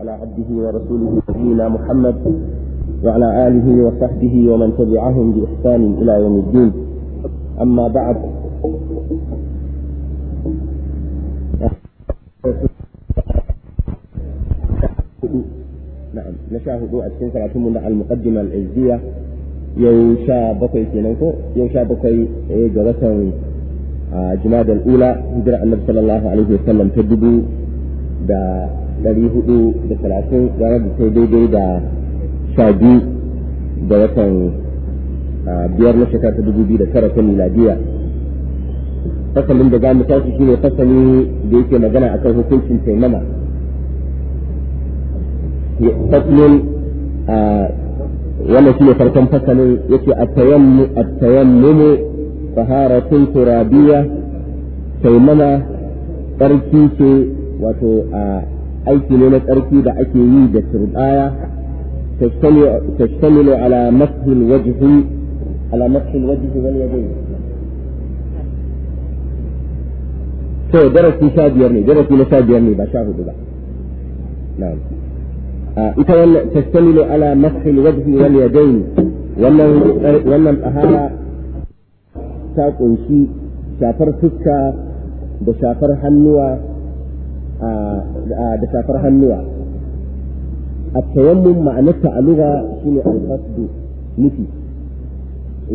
على عبده ورسوله نبينا محمد وعلى آله وصحبه ومن تبعهم بإحسان إلى يوم الدين أما بعد نعم نشاهد أتكين سلاتمنا المقدمة العزية يوشا بقي كينانكو يوشا بقي إيه، جرسا آه، جماد الأولى هجرة النبي صلى الله عليه وسلم تدبو ɗari hudu da talatin ranar da ta daidai da sha biyu da watan biyar na shekara ta dubu biyu da tara ta miladiya fasalin da za mu tashi shi ne fasali da yake magana akan hukuncin taimama fasalin wannan shi ne farkon fasalin yake a tayammumu taharatun turabiya taimama tsarki ce wato a aiki ne na tsarki da ake yi da turbaya تشتمل على مسح الوجه على مسح الوجه واليدين to darasi sha biyar ne darasi na sha biyar ne ba sha hudu ba na'am ita wannan tastamilu ala mashi alwajhi wal yadayn wannan wannan tahara ta kunshi shafar fuska da shafar hannuwa da safar hannuwa a tayammum ma'anarta a lura ne alfasdu nufi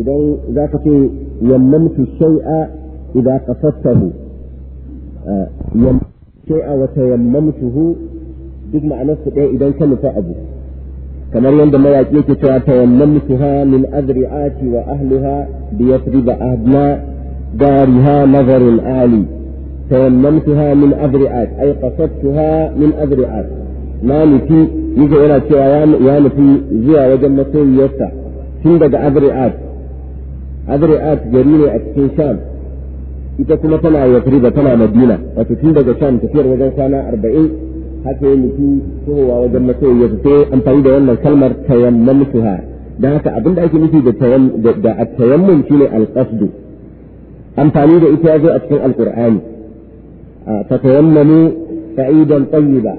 idan za ka ce yammamtu shai'a idan ka qasattahu yam shay'a wa hu duk ma'anarsa ɗaya idan ka nufa abu kamar yadda mawaƙi yake cewa ha min azri'ati wa ahliha bi yathriba ahla dariha nazarin ali tayammamtuha min adri'at ay qasadtuha min adri'at na nufi yake yana cewa ya nufi zuwa wajen masoyiyarsa tun daga adri'at adri'at gari ne a cikin sham ita kuma tana yafriba tana madina wato tun daga sham tafiyar wajen kwana arba'in haka ya nufi kowa wajen masoyiyarsa sai amfani da wannan kalmar tayammamtuha don haka abin da ake nufi da tayammum shine alqasdu amfani da ita ya zo a cikin alqur'ani فتيمموا سعيدا طيبا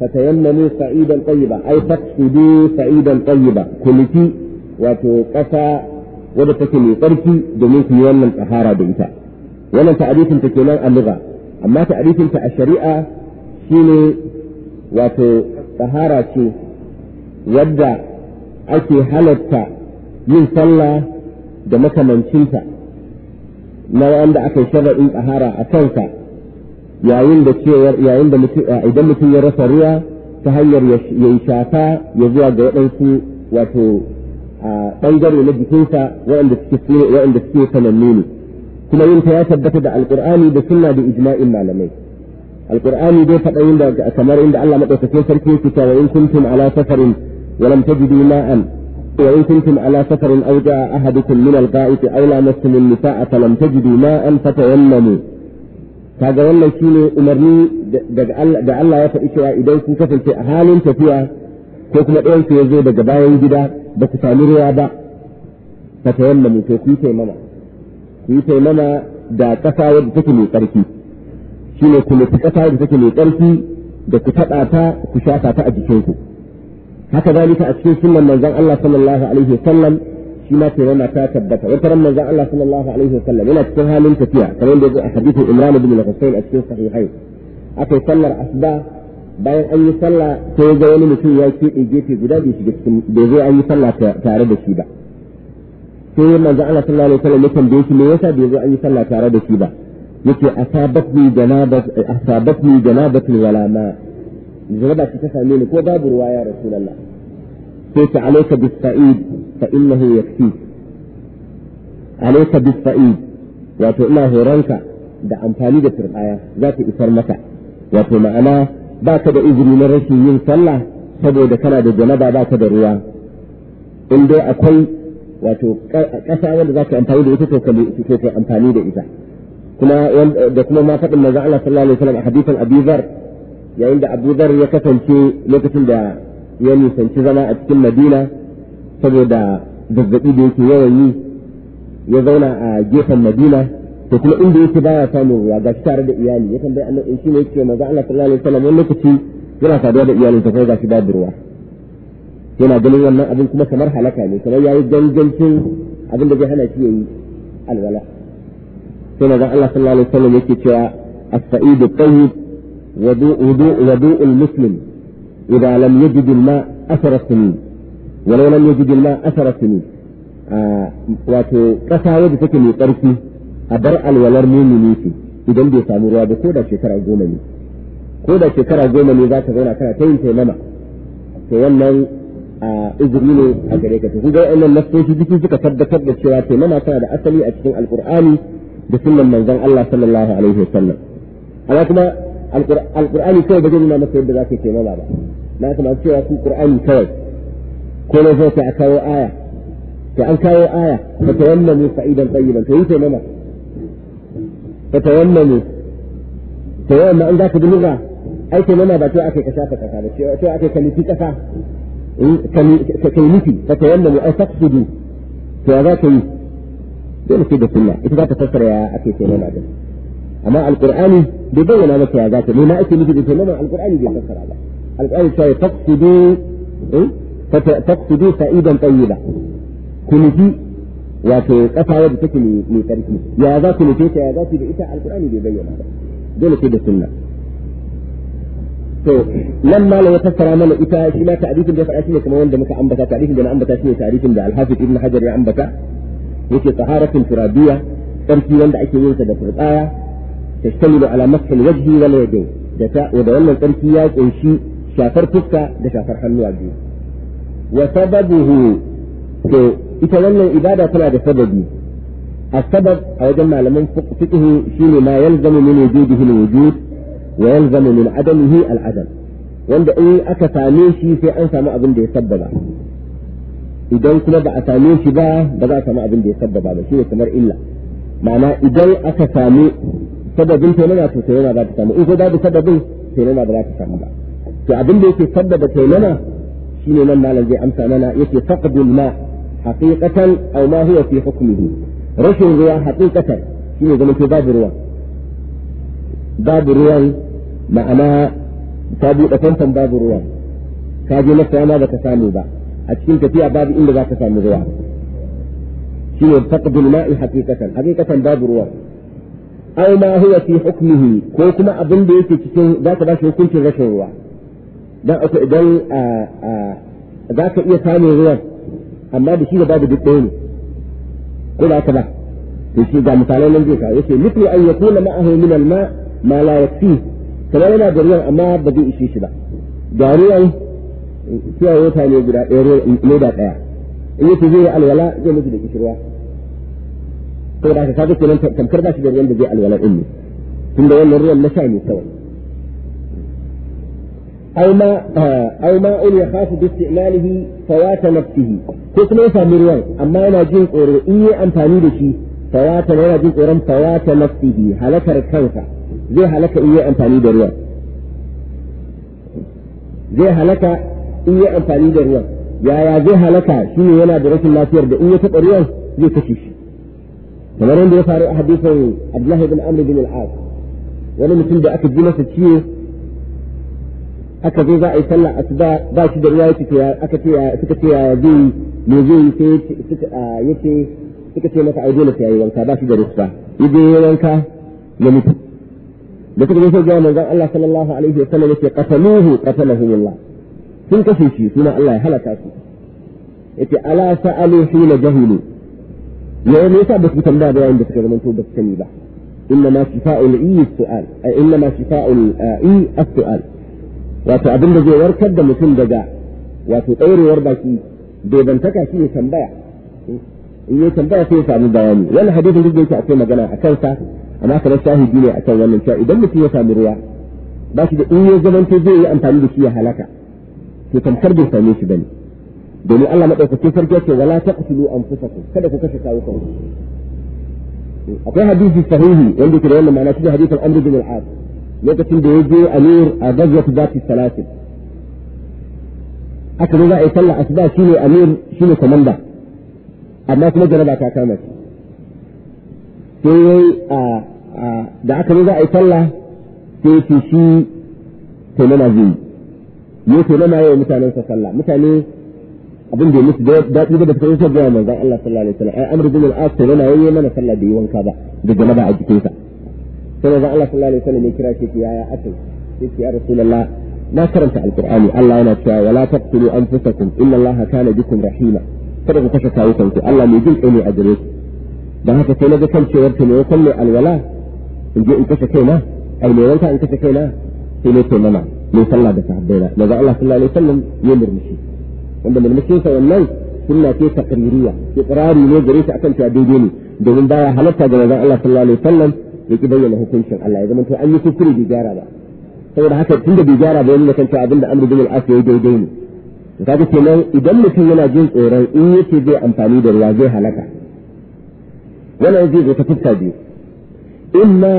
فتيمموا سعيدا طيبا أي فاقصدوا سعيدا طيبا كلتي وتقصى wadda take mai tsarki domin su tsahara da ita wannan ta'arifin ta kenan a amma ta'arifinta a shari'a shine wato tsahara ce wadda ake halatta yin sallah da makamancinta na wanda aka yi sharaɗin tsahara a kanka. يعين بتير يعين بمت عدم تير سريع تهير يش يشافا يزوا جوانسي وتو آه، تنجر لدي كيسا وعند السكين وعند السكين فنميني كما ينتا يسد بتدع القرآن بسنة بإجماء المعلمين القرآن دي فتا يندى كمار يندى الله مطلسة سنسر كيسك وإن كنتم على سفر ولم تجدوا ماء وإن كنتم على سفر أو جاء أحدكم من الغائط أو لا نسل النساء فلم تجدوا ماء فتيمموا kaga wannan shine umarni da Allah ya faɗi cewa idan kun kasance a halin tafiya ko kuma ɗayan ku ya zo daga bayan gida ba ku sami ruwa ba ka ta mu to ku yi taimama ku yi mana da ƙasa wadda take mai ƙarfi shine ku nufi ƙasa wadda take mai ƙarfi da ku taɓa ta ku shafa ta a jikinku haka zalika a cikin sunan manzon Allah sallallahu alaihi wasallam shi ma taimama ta tabbata wata ran manzon Allah sallallahu alaihi sallam yana cikin halin tafiya kamar da yake a hadisin Imran ibn al-Husayn a cikin sahihai akai sallar asba bayan an yi sallah sai ga wani mutum ya keɓe gefe guda bai shi cikin bai zo an yi sallah tare da shi ba sai manzon Allah sallallahu alaihi sallam ya tambaye shi me yasa bai zo an yi sallah tare da shi ba yake asabatni janabat asabatni janabatul wala ma jaraba ta same ni ko babu ruwa ya rasulullah sai ta alaika bis sa'id فإنه يكفيك عليك بالصعيد ina horonka da amfani da turbaya za ta isar maka wato ma'ana ba ka da izini na rashin yin sallah saboda kana da janaba ba ka da ruwa in dai akwai wato ƙasa wanda za ka amfani da ita to ka amfani da ita kuma da kuma ma faɗin manzo Allah sallallahu alaihi wasallam a hadisin Abu Dharr yayin da Abu Dharr ya kasance lokacin da ya nisanci zama a cikin Madina saboda zazzabi da yake yawan yi ya zauna a gefen madina to kuma inda yake baya samun ruwa ga shi tare da iyali ya tambayi annabi eh, shi ne yake manzo Allah sallallahu alaihi wasallam wani lokaci yana saduwa da iyalin sa kai ga shi babu ruwa yana ganin wannan abin kuma kamar halaka ne kamar yayi gangancin abin da zai hana shi yayi alwala sai manzo Allah sallallahu alaihi wasallam yake cewa as-sa'idu tayyib wudu'u wudu'u al-muslim idza lam yajid al-ma' asara walau lam yajid Allah asara sinin ah, wato ƙasa wadda take mai ƙarfi a bar alwalar mumini ce idan bai samu ruwa ba ko da shekara goma ne ko da shekara goma ne za ka zauna kana ta yin taimama to wannan ah, izini ne a gare ka to kun ga wannan nasoshi jiki suka tabbatar da cewa taimama tana da asali a cikin alkur'ani da sunan manzon Allah sallallahu alaihi wasallam amma kuma alkur'ani kawai ba zai nuna maka yadda za ka yi taimama ba na kuma cewa ku qur'ani kawai ko na zai a kawo aya to an kawo aya ta fa tawammamu sa'idan tayyiban to yake mana fa tawammamu to yamma an zaka dinga aike mana ba to akai kasa ka kasa ba ta to akai kalifi kasa eh, ka kai nufi fa tawammamu ai taqsidu to ya zaka yi dole sai da sunna ita za ta fassara ya ake ce mana da amma alqur'ani bai bayyana maka ya zaka ne na ake nufi da ce mana alqur'ani bai fassara ba alqur'ani sai taqsidu eh تكتبي سعيدا طيبا كنتي wato ƙasa wadda take mai ƙarfi ya za ku nufe ya za ku da ita alƙur'ani bai bayyana ba dole sai da sunna to nan malam ya fassara mana ita shi ma ta'rifin da ya faɗa shine kamar wanda muka ambata ta'rifin da na ambata shine ta'rifin da al-Hafiz Ibn Hajar ya ambata yake taharatun turabiya tsarki wanda ake yin sa da turqaya tashtamilu ala masx da ta da wannan tsarki ya kunshi shafar fuska da shafar hannu a wa sababuhu to ita wannan ibada tana da sababi السبب أو جمع لمن فقه شين ما يلزم من وجوده الوجود ويلزم من عدمه العدم wanda in aka same shi sai an samu abin da ya sabbaba idan kuma ba a same shi ba ba za a samu abin da ya sabbaba ba shine kamar illa ma'ana idan aka same sababin taimama to taimama samu in babu sababin samu ba to abin da yake sabbaba taimama شنو لما الذي أمس أمنا يتي فقد الماء حقيقة أو ما هو في حكمه رش الرياء حقيقة شنو ذلك في باب الرياء باب الرياء ما أنا تابي أتنسم باب الرياء كاجي نفسي أنا ذا تسامي با أتشين كتيا باب إلا ذا تسامي الرياء شنو فقد الماء حقيقة حقيقة باب الرياء أو ما هو في حكمه كوكما أظن بيتي ذات باش يكون في رش الرياء dan aka idan za ka iya samun ruwan amma da shi da babu duk ɗaya ne ko da ka ba to shi ga misalan nan zai ka yace mithlu an yakuna ma'ahu min al-ma ma la yakfi kamar yana da ruwan amma ba zai ishe shi ba ga ruwan kiyaye wata ne guda ɗaya leda ɗaya in yace zai yi alwala zai mutu da kishirwa to da ka sabu kenan tamkar ba shi da ruwan da zai alwala din ne tunda wannan ruwan na sha ne kawai أو ما أو ماء يخاف باستعماله فوات نفسه كيف ليس مروان أما أنا جيت إيه أمفاني لشي فوات أنا جيت أورام فوات نفسه هلك ركانك زي هلك إيه أمفاني دروان زي هلك إيه أمفاني دروان يا يا زي هلك شنو يلا برك الله سير ده إيه تقريان زي كشيش كمان ده صار حديث عبد الله بن عمرو بن العاص ولا مثل ده أكد جنس الشيخ aka zo za a yi sallah asuba ba shi da ruwa yace ce aka ce suka ce ya zai me zai sai suka yace suka ce maka ai dole sai yayi wanka ba shi da ruwa yaje yayi wanka ya mutu da suka zo sai ga manzon Allah sallallahu alaihi wasallam yace qataluhu qatalahumullah sun kashe shi sunan Allah ya halaka su yace ala sa'alu hina jahilu ya ne yasa ba su tambaya da yayin da suka zama ba su sani ba إنما شفاء الإي السؤال إنما شفاء as السؤال wato abin da zai warkar da mutum daga wato ɗaurewar baki bai bantaka shi ya tambaya in ya tambaya sai ya samu bayani wannan hadisin duk da yake akwai magana a kansa amma kamar shahidi ne akan wannan cewa idan mutum ya samu ruwa ba shi da in ya zamanto zai yi amfani da shi ya halaka to tamkar bai same shi bane domin Allah madaukakin sarki ce wala taqtulu anfusakum kada ku kashe kawo kanku akwai hadisi sahihi wanda ke da wannan ma'ana shi hadisin Amr bin al-As lokacin da ya je amir a gazwatu zati salatin aka zo za a yi sallah shi ne amir shi ne komanda amma kuma jaraba ta kama shi sai yayi da aka zo za a yi sallah sai ya ce shi taimama zai yi ya taimama mutanen sa sallah mutane abin da ya musu daɗi da suka yi sabbi wa manzon Allah sallallahu alaihi wasallam ai amr bin al-as taimama yayi mana sallah da yi wanka ba da jaraba a jikinsa sai manzon Allah sallallahu alaihi wasallam ya kira shi ce yaya akai yace ya rasulullah na karanta alqur'ani Allah yana cewa wala taqtulu anfusakum inna Allaha kana bikum rahima kada ku kashe kawukan ku Allah mai jin kai a gare ku dan haka sai naga kan cewar ta ne ya mai alwala in je in kashe kaina ai mai wanka in kashe kaina sai ne ce mana mai sallah da sahabbai na daga Allah sallallahu alaihi wasallam ya murmushi wanda murmushin sa wannan sunna ce taqririya iqrari ne gare shi akan cewa daidai ne domin baya halatta ga manzon Allah sallallahu alaihi wasallam ya ki bayyana hukuncin Allah ya zama to an yi kuskure bai gyara ba saboda haka tunda bai gyara ba yana kan cewa abinda amr bin al ya yayi daidai ne kaga kenan idan mutum yana jin tsoron in yake zai amfani da ruwa zai halaka wannan zai zo ta fuska biyu imma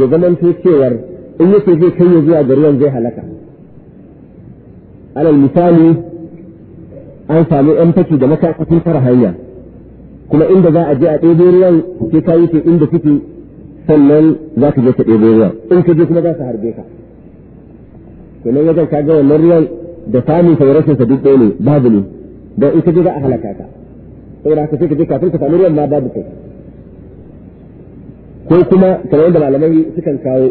ya zama to cewar in yake zai kai ya zuwa ga ruwan zai halaka alal misali an samu yan faki da maka fara hanya kuma inda za a je a ɗebo ruwan sai ka yi inda suke sannan za ka je ka ɗebo ruwan in ka je kuma za ka harbe ka kenan wajen ka ga wannan ruwan da sami sa rashin sa duk ɗaya ne babu ne don in ka je za a halaka ka saboda haka sai ka je kafin ka samu ruwan ma babu kai ko kuma kamar yadda malamai sukan kawo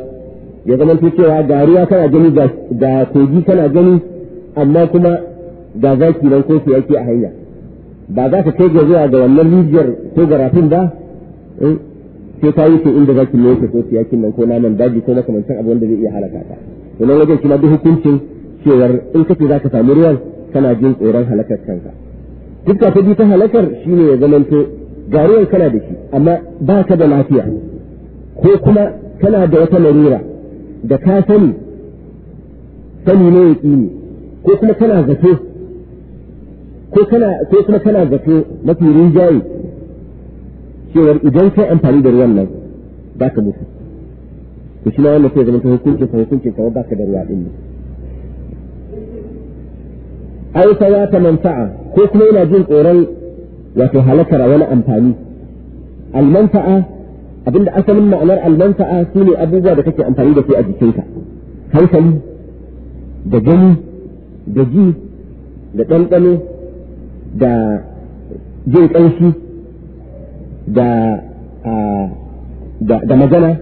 ya zama cewa ga ruwa kana gani ga kogi kana gani amma kuma ga zaki nan ko yake a hanya ba za ka kai ga zuwa ga wannan rijiyar ko ga rafin ba eh? sai ta yi sai inda zaki ne yake ko siyakin nan ko naman daji ko makamancin abu wanda zai iya halaka ka to wajen kuma duk hukuncin cewar in kace zaka samu ruwan kana jin tsoron halakar kanka duk ta bi ta halakar shine ya zamanto ga ruwan kana da shi amma ba ka da lafiya ko kuma kana da wata larura da ka sani sani ne ya ne ko kuma kana zato ko kana ko kuma kana zato mafi rinjaye cewar idan kai amfani da ruwan nan ba ka mutu to shi na wannan sai zama hukuncin ka hukuncin ka ba ka da ruwa din ne ai fa ya ta manfa'a ko kuma yana jin tsoron wato halakar wani amfani almanfa'a abinda asalin ma'anar almanfa'a shine abubuwa da kake amfani da su a jikinka hankali da gani da ji da ɗanɗano da jin ƙanshi da magana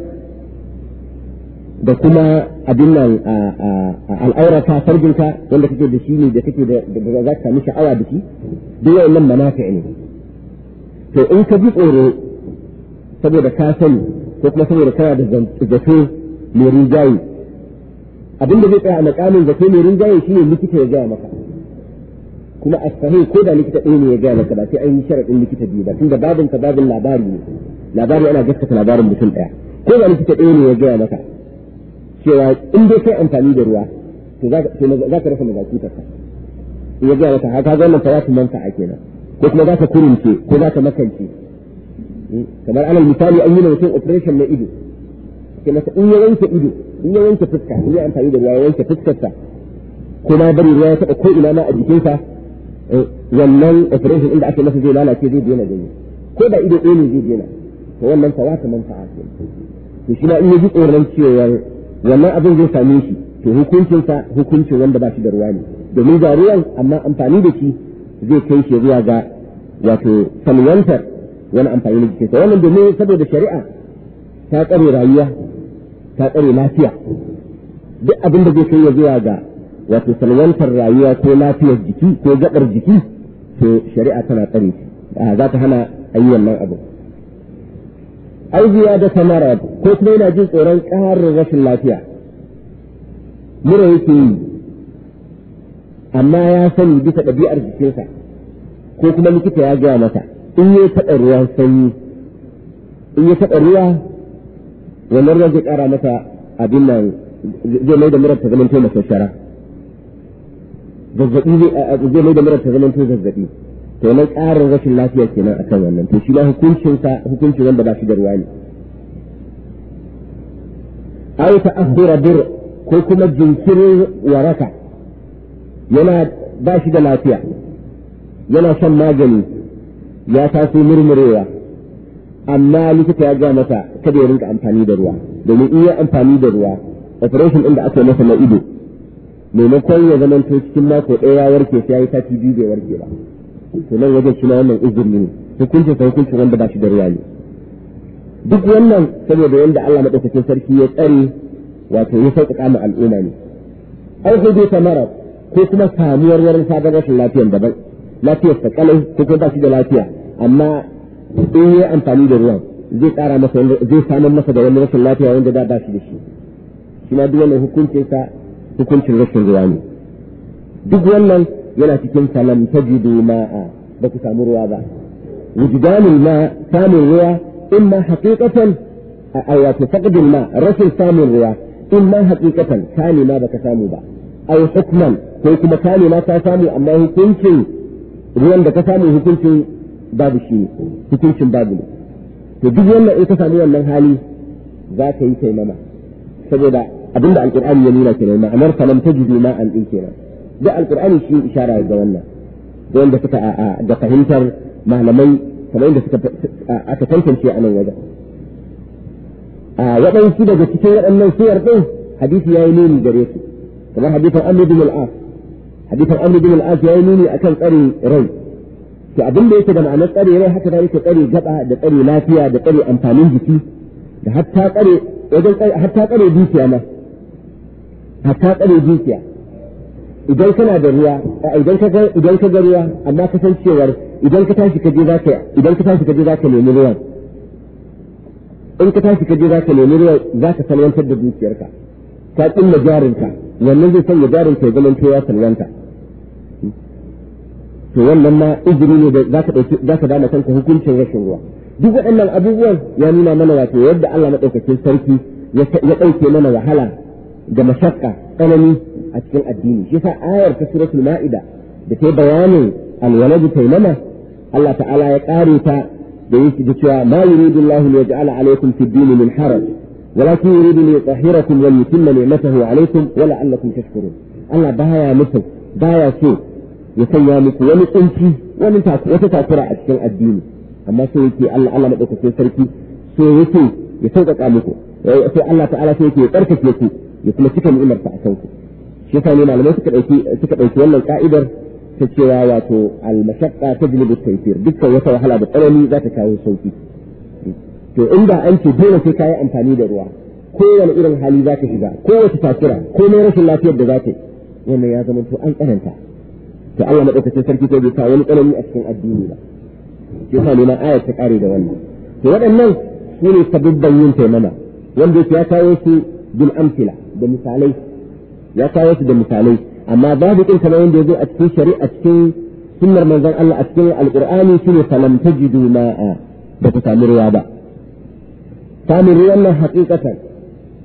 da kuma abin nan al'aurata farginka wanda kake da shi ne da kake da za ka sha'awa da shi duk wayannan manafi ne to in ka ji tsoro saboda ka sani ko kuma saboda kana da zato mai rinjaye abin da zai tsaya a makamin zato mai rinjaye shi ne likita ya gaya maka kuma a sahih ko da likita ɗaya ne ya gaya maka ba sai an yi sharaɗin likita biyu ba tunda babin ka babin labari ne labari ana gaskata labarin mutum ɗaya ko da likita ɗaya ne ya gaya maka cewa in dai kai amfani da ruwa to za ka rasa mazakutar ka in ya gaya maka haka ga wannan fayatu manta a kenan ko kuma za ka kurince ko za ka makance hmm, kamar alal misali an yi mutum operation na ido sai masa in ya wanke ido in ya wanke fuska in ya amfani da ruwa ya wanke fuskarsa ko ma bari ruwa ya taɓa ko ina ma a jikinsa wannan operation inda ake masa zai lalace zai daina gani ko da ido ɗaya ne zai daina to wannan sawa ta manfa'a ce to shi ma in ji tsoron cewa wannan abin zai same shi to sa hukuncin wanda ba shi da ruwa ne domin ga ruwan amma amfani da shi zai kai shi zuwa ga wato salwantar wani amfani da jikinsa wannan domin saboda shari'a ta tsare rayuwa ta tsare lafiya duk abin da zai kai ya zuwa ga wato salwantar rayuwa ko lafiyar jiki ko gaɓar jiki to shari'a tana tsare shi za ta hana ayi wannan abu ai da samara ko kuma yana jin tsoron ƙarin rashin lafiya mura yake yi amma ya sani bisa ɗabi'ar jikinsa ko kuma likita ya gaya mata in ya taɓa ruwa sanyi in ya taɓa ruwa wannan ruwan zai ƙara mata abin nan zai mai da murar ta zama taimakon shara zazzabi zai mai da mura ta to zazzabi to nan ƙarin rashin lafiya kenan akan wannan to shi ma hukuncin sa hukuncin wanda ba shi da ruwa ne aw ta'akhkhura bir ko kuma jinkirin waraka yana ba shi da lafiya yana shan magani ya taso murmurewa amma likita ya ga mata kada ya rinka amfani da ruwa domin in ya amfani da ruwa operation din da aka masa na ido maimakon ya zama to cikin mako ɗaya ya warke sai ya yi sati biyu bai warke ba to nan wajen shi wannan izini ne hukuncin sai hukuncin wanda ba shi da ruwa ne duk wannan saboda yanda Allah madaukakin sarki ya tsare wato ya sauƙaƙa mu al'umma ne ai sai dai samara ko kuma samuwar wani sabon rashin lafiyar daban lafiyar sa kalai ko kuma ba shi da lafiya amma in yi amfani da ruwan zai ƙara masa zai samar masa da wani rashin lafiya wanda da ba shi da shi shi ma duk wannan sa. hukuncin rashin ruwa ne duk wannan yana cikin salam tajidu ma'a ba ku samu ruwa ba wujudanul ma samun ruwa in imma haqiqatan a wato faqdul ma rashin samun ruwa in imma haqiqatan kani ma baka samu ba aw hukman ko kuma kani ma ka samu amma hukuncin ruwan da ka samu hukuncin babu shi hukuncin babu ne to duk wannan in ka samu wannan hali za ka yi taimama saboda abinda alqur'ani ya nuna kenan ma'anar falam tajidu an din kenan da alqur'ani shi isharar ga wannan da wanda suka da fahimtar malamai kamar yadda suka aka tantance a nan wajen a waɗansu daga cikin waɗannan suwar ɗin hadisi ya yi nuni gare su kamar hadisan amr bin al-as hadisan amr bin al ya yi nuni a kan tsare rai to abin da yake da ma'anar tsare rai haka da yake tsare gaba da tsare lafiya da tsare amfanin jiki da hatta tsare wajen hatta tsare dukiya na hatta tsare dukiya idan kana da ruwa idan ka idan ka ruwa amma ka san cewar idan ka tashi ka je za ka idan ka tashi ka je za ka nemi ruwan in ka tashi ka je za ka nemi ruwan za ka salwantar da dukiyarka ka tsinna jarinka wannan zai sanya jarinka ya zama ya salwanta to wannan ma izini ne da zaka dauki zaka dama kanka hukuncin rashin ruwa duk waɗannan abubuwan ya nuna mana wato yadda Allah madaukakin sarki ya dauke mana wahala da mashakka tsanani a cikin addini shi sa ayar ta suratul ma'ida da ta bayanin alwaladu taimama Allah ta'ala ya kare ta da yake da cewa ma yuridu Allah li yaj'ala alaykum fi dini min haraj walakin yuridu li yutahhirakum wa yutimma ni'matahu alaykum wa la'allakum tashkurun Allah baya muku baya so ya sanya muku wani kunci wani wata takura a cikin addini amma so yake Allah Allah madaukakin sarki so yake ya sauƙaƙa muku eh, sai Allah ta'ala sai yake ya tsarkake ku ya kuma cika ni'imar a kanku shi yasa ne malamai suka dauki suka wannan ka'idar ta cewa wato al-mashaqqa tajlibu at-taysir dukkan wata wahala da tsanani za ta kawo sauki to inda an ce dole sai kayi amfani da ruwa kowane irin hali za ka shiga kowace takura komai rashin lafiyar da za ta yi wannan ya zama to an tsananta to Allah madaukakin sarki sai bai sa wani tsanani a cikin addini ba yasa ne ma ayat ta kare da wannan to waɗannan su ne sababban yin taimama wanda ya kawo su bil amsila da misalai ya kawo su da misalai amma babu ɗin kamar yadda ya zo a cikin shari'a cikin sunnar manzon Allah a cikin alqur'ani shine falam tajidu ma'a ba ku samu ruwa ba samun ruwan nan haƙiƙatan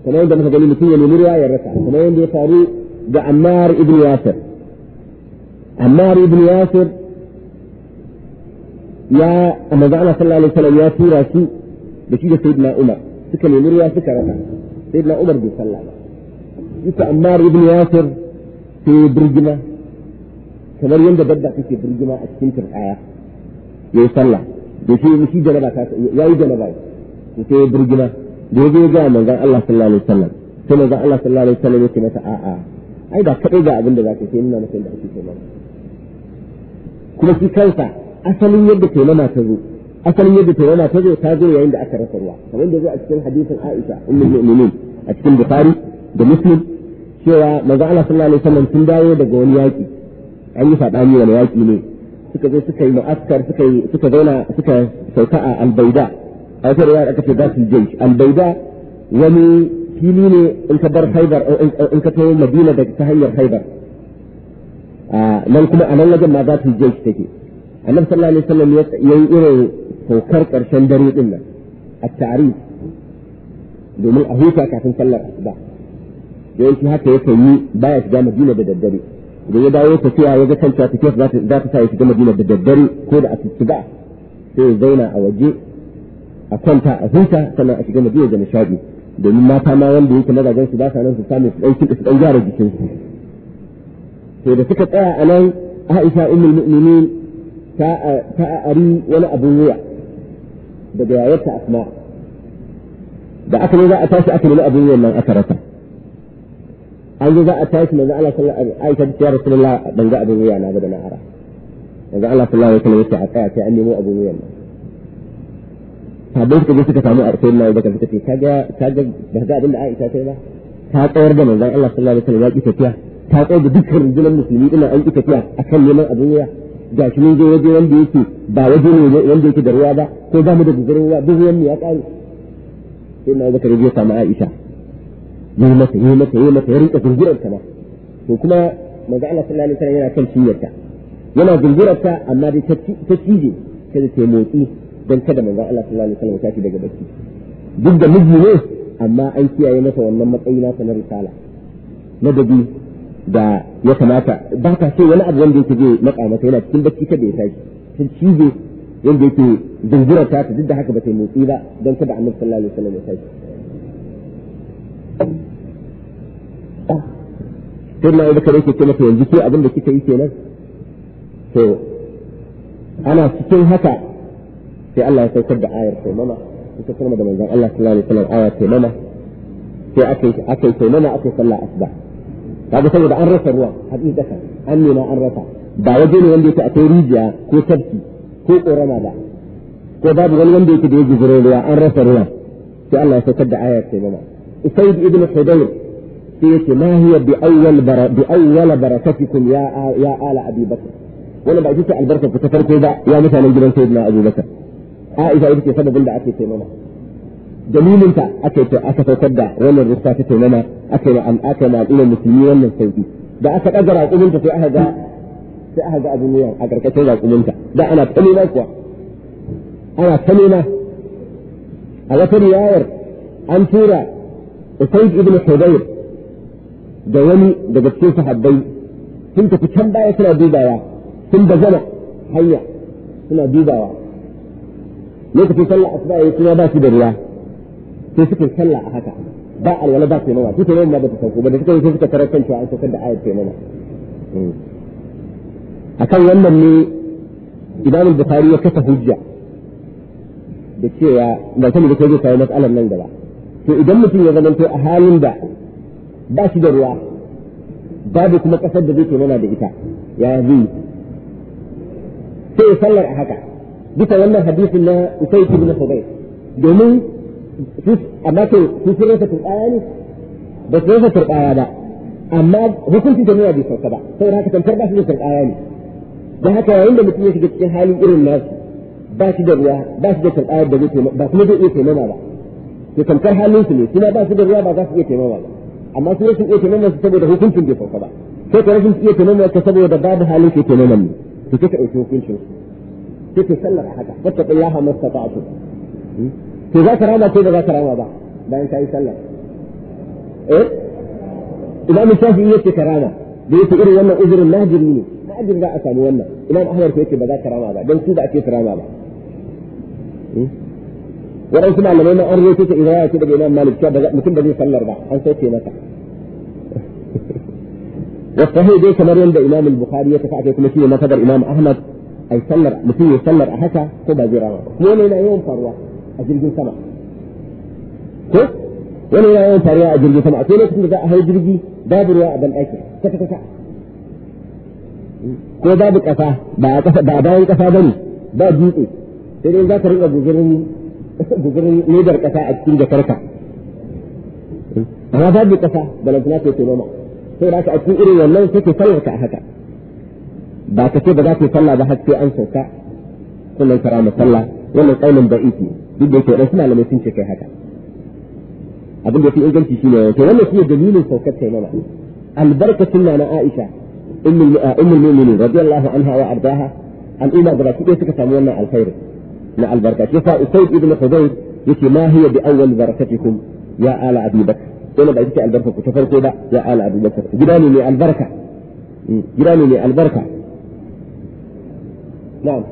kamar yadda muka gani mutum ya nemi ruwa ya rasa kamar yadda ya faru ga Ammar ibn Yasir Ammar ibn Yasir ya manzon Allah sallallahu alaihi wasallam ya tura shi da shi da Sayyidina Umar suka nemi ruwa suka rasa Sayyidina Umar bai sallah ba isa ammar ibn yasir sai ya birgima kamar yadda dabba take birgima a cikin turkaya ya yi sallah da shi ya shi ba ta ya yi da ya sai ya birgima da ya zo ga manzon Allah sallallahu alaihi wasallam sai manzon Allah sallallahu alaihi wasallam ce mata a'a ai da kadai ga abin da zaka sai nuna maka yadda ake taimama kuma shi kansa asalin yadda taimama ta zo asalin yadda taimama ta zo ta zo yayin da aka rasa ruwa kamar da zo a cikin hadisin Aisha ummul mu'minin a cikin Bukhari da Muslim cewa manzo Allah sallallahu alaihi wasallam tun dawo daga wani yaki an yi fadani wani yaki ne suka zo suka yi mu'askar suka yi suka zauna suka sauka a albaida a wata riwaya aka ce zasu jaysh albaida wani fili ne in ka bar haibar in ka tawo madina da ta hanyar haibar nan kuma a nan wajen ma zasu jaysh take annabi sallallahu alaihi wasallam ya yi irin saukar karshen dare din nan a tarif domin a huta kafin sallar asuba yawanci haka yakan yi baya shiga madina da daddare idan ya dawo tafiya ya ga kanta tafiya za ta sa ya shiga madina da daddare ko da shiga sai ya zauna a waje a kwanta a huta sannan a shiga madina da nishadi domin mata ma wanda yake mazajen su ba sa nan su samu su ɗauki su ɗan gyara jikin su to da suka tsaya a nan Aisha ummul mu'minin ta a ari wani abun wuya daga yayarta Asma da aka ne za a tashi aka nemi abun wuyan nan aka rasa an zo za a tashi manzo Allah sallallahu alaihi wasallam Aisha ta Rasulullah ban ga abin wuya na ba da na ara manzo Allah sallallahu alaihi wasallam yace a tsaya sai an nemo abin wuyan nan sabon suka je suka samu a rasulun Allah daga suka ce kaga kaga ba ga abin da Aisha ta yi ba ta tsayar da manzon Allah sallallahu alaihi wasallam ya ki tafiya ta tsayar da dukkan rundunar musulmi ina an ki tafiya akan neman abin wuya ga shi mun je waje wanda yake ba waje ne wanda yake da ruwa ba ko ba mu da guzurin ruwa duk ruwan ne ya kare sai na Abubakar ya samu Aisha yi mata yi mata yi mata ya rinka zungurar ta ba to kuma manzo Allah sallallahu alaihi wasallam yana kan cinyarta yana zungurar ta amma dai ta cije kada ta motsi don kada manzo Allah sallallahu alaihi wasallam ya tashi daga bacci duk da miji ne amma an kiyaye masa wannan matsayi nasa na risala na dabi da ya kamata ba ta sai wani abu wanda yake zai maka masa yana cikin bacci kada ya tashi ta cije yanda yake zungurar ta duk da haka ba ta motsi ba don kada annabi sallallahu alaihi wasallam ya tashi sai na abubakar yake ce mata yanzu ke abin da kika yi kenan to ana cikin haka sai Allah ya saukar da ayar taimama ita kuma da manzon Allah sallallahu alaihi wasallam ayar taimama sai aka aka taimama aka sallah asba kaga saboda an rasa ruwa hakikatan an nema an rasa ba waje ne wanda yake akwai rijiya ko tafki ko korama ba ko babu wani wanda yake da ya guzurin ruwa an rasa ruwa sai Allah ya saukar da ayar taimama usaid ibn hudayr سيتي ما هي بأول بر... بأول بركتكم يا آ... يا آل أبي بكر ولا بعد جيت البركة كنت فرقوا ده يا مثلا جبل سيدنا أبو بكر عائشة يبكي سبب اللي أكي سيمنا دليل أنت أكي أكتوكد ولا الرسالة سيمنا أكيد أم أكيد إلى المسلمين ولا السعودي ده أكي أجرى أقول أنت في أهدى في أهدى أبو نيان أجر كتير أقول أنت ده أنا كلمة أقوى أنا كلمة لك أنا أنتورا أسيد ابن حبيب da wani daga cikin sahabbai sun tafi can baya suna dubawa sun bazana hanya suna dubawa lokacin sallah asuba yayi kuma ba shi da ruwa sai suka sallah a haka ba alwala ba taimama su taimama ma ba ta sauko ba da suka yi sai suka tarar kan cewa an saukar da ayat taimama hmm. akan wannan ne imam bukhari ya kafa hujja da cewa ba sani da kai zai kawo matsalar nan gaba to idan mutum ya zama a halin da ba shi da ruwa babu kuma ƙasar da zai taimana da ita ya zai sai sallar a haka bisa wannan hadisin na usaiti ibn hubayr domin amma to su sun rasa turbaya ne ba su rasa turbaya ba amma hukuncin da nuna bai sauka ba saboda haka tantar ba su da turbaya ne don haka yayin da mutum ya shiga cikin halin irin nasu ba shi da ruwa ba shi da turbaya da zai ba kuma zai iya taimama ba to tantar halin su ne suna ba su da ruwa ba za su iya taimama ba amma su rashin iya tunanin su saboda hukuncin bai sauka ba sai ka rashin iya tunanin ka saboda babu halin ke tunanin mu to kika ɗauki hukuncin su sai ka sallar haka fattaqullaha mastata'tu hmm? to za ka rama ko ba za ka rama ba bayan ka yi sallar eh imamu shafi yake ka rama da yake irin wannan uzurin lahajiri ne lahajiri za a samu wannan imam ahmad ko yake ba za ka rama ba don su ba a ce ka rama ba hmm? waɗansu malamai na an rete ta iraya ce daga imam malik cewa mutum ba zai sallar ba an sauke masa wasu dai kamar yadda imam al-bukhari ya tafi akai kuma shi ne mafadar imam ahmad a yi sallar mutum ya sallar a haka ko ba zai rawa kuma wani yana yawan faruwa a jirgin sama ko wani yana yawan faruwa a jirgin sama akwai lokacin da za a hau jirgi babu ruwa a banɗaki kata kata ko babu ƙasa ba a bayan ƙasa ba ne ba dutse sai dai za ka riƙa guzurin guzurin ledar kasa a cikin jakarka amma babu kasa balantana ke noma sai da a cikin irin wannan sai ke sallar ka a haka ba ka ce ba za ka sallah ba har sai an sauka kullum kara mu sallah wannan kaulin da'if ne duk da yake wadansu malamai sun ce kai haka abin da fi inganci shine to wannan shine dalilin saukar taimama albarkatun na na Aisha ummul mu'minin radiyallahu anha wa ardaha al'umma gaba ɗaya suka samu wannan alkhairin مع البركة يسا أسيد ابن خزيد يتي ما هي بأول بركتكم يا آل أبي بكر أنا بعد البركة كتفرق لا يا آل أبي بكر جراني لي البركة جراني لي البركة نعم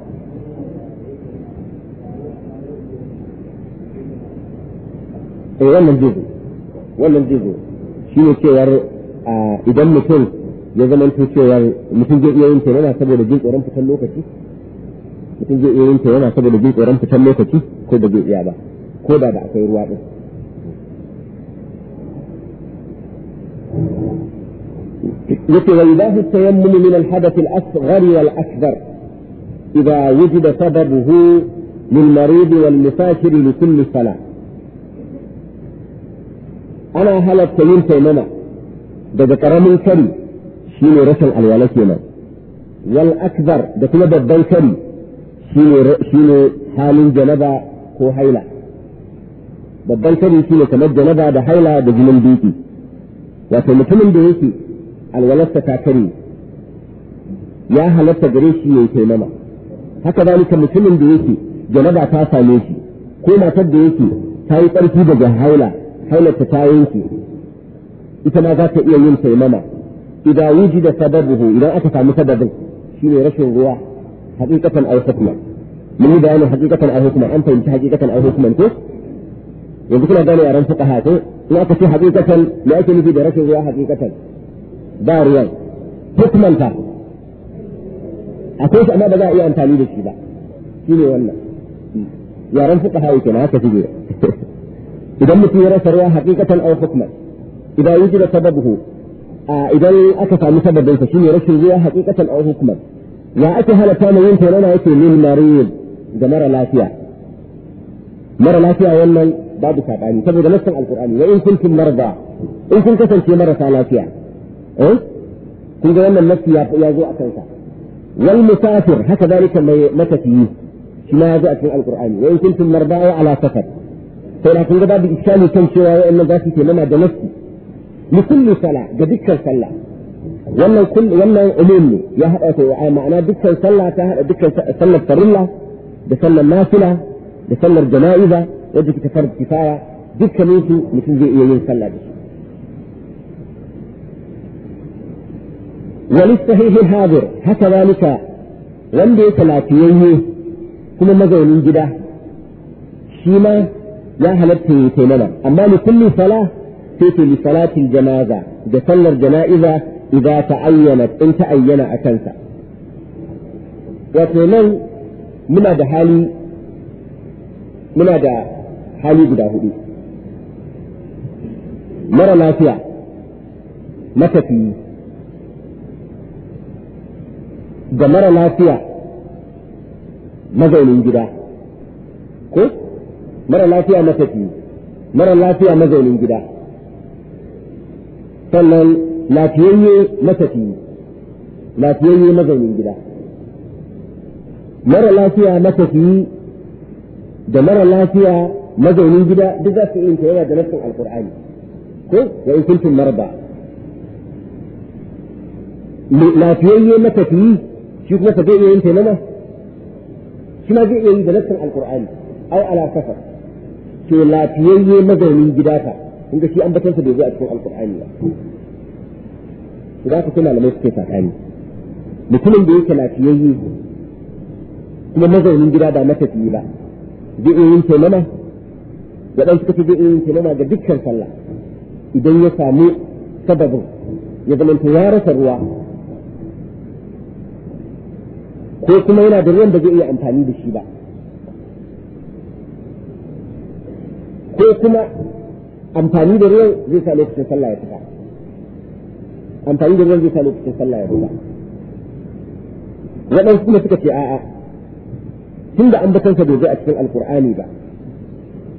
إيه، ولن جزو ولن جزو شنو كيار آه، إذا مثل يزمن في شيء مثل جزء يمكن أنا أسبب الجزء ورمت اللوكة in zai iya yin ta yana saboda bin tsoron fitan lokaci ko da zai iya ba ko da da akwai ruwa din yake wa yubahu tayammum min al-hadath al-asghar wal akbar idha wujida sababuhu للمريض والمسافر لكل صلاة أنا هلا تقول تيمنا ده ذكرام الكري شيني رسل الوالك ينا والأكبر ده كل ده الكري shine halin janaba ko haila babban sani shine kamar janaba da haila da jinin biki wato mutumin da yake alwalarsa ta kare ya halatta gare shi kai taimama haka zalika mutumin da yake janaba ta same shi ko matar da yake ta yi ƙarfi daga haila hailarta ta yanke ita ma za ta iya yin taimama idan wuji da sababu idan aka samu sababin shine rashin ruwa حقيقة أو حكمة من إذا أنا حقيقة أو حكمة أنت إنت حقيقة أو حكمة أنت يمكن أن أرى أنفق هذا لا تسي حقيقة لأجل في درجة هي حقيقة داريا حكمة أنت أقول أنا بدأ إيه أنت ليه كذا كذي ولا يا رنفق هاي كنا كذي إذا مثل يرى سريا حقيقة أو حكمة إذا وجد سببه آه، إذا أكفى مسبب فشين يرى سريا حقيقة أو حكمة ya ake halatta mai yin taimama yake lil marid ga mara lafiya mara lafiya wannan babu sabani saboda nassan alqur'ani wa in kuntum marda in kun kasance marasa lafiya eh kun ga wannan nassi ya zo a kansa wal musafir haka dalika mai matafiyi shi ma ya zo a cikin alqur'ani wa in kuntum marda wa ala safar sai na kun ga babu iskali kan cewa wa'annan za su taimama da nassi li kulli sala ga dukkan sallah ولا كل ولا أمني يه معناه بكر صلى كهر بكر صلى فرلا بصلى النافلة بصلى الجنائز وجد كفرد كفاية بكر نيتي مثل زي يين صلى بس ولستهيه الحاضر هكذلك لم يصلى في يومه كل مزون جدا شيما يا هل تيمنا أما لكل صلاة تيتي لصلاة الجنازة بصلى الجنائز إذا تعينت إن تعين a kansa wato nan muna da hali muna da guda hudu mara lafiya matafiyi da mara lafiya mazaunin gida ko mara lafiya matafiyi mara lafiya mazaunin gida sannan lafiyayye matafi lafiyayye mazaunin gida mara lafiya matafi da mara lafiya mazaunin gida duk za su inta yana da nassin alkur'ani ko wa in kuntum marba lafiyayye matafi shi kuma zai iya yin taimama shi ma zai iya yi da nassin alkur'ani ai ala safar to lafiyayye mazaunin gida ka kun ga shi an batansa bai zai a cikin alkur'ani ba za ku sai malamai suke sakani mutumin da yake lafiyayye kuma mazaunin gida ba matafiyi ba zai iya yin taimama waɗansu kace zai iya yin taimama ga dukkan sallah idan ya samu sababin ya zamanta ya rasa ruwa ko kuma yana da ruwan da zai iya amfani da shi ba ko kuma amfani da ruwan zai sa lokacin sallah ya fita amfani da ruwan zai sa lokacin sallah ya ruwa waɗansu kuma suka ce a'a tun da ambatansa bai zo a cikin alƙur'ani ba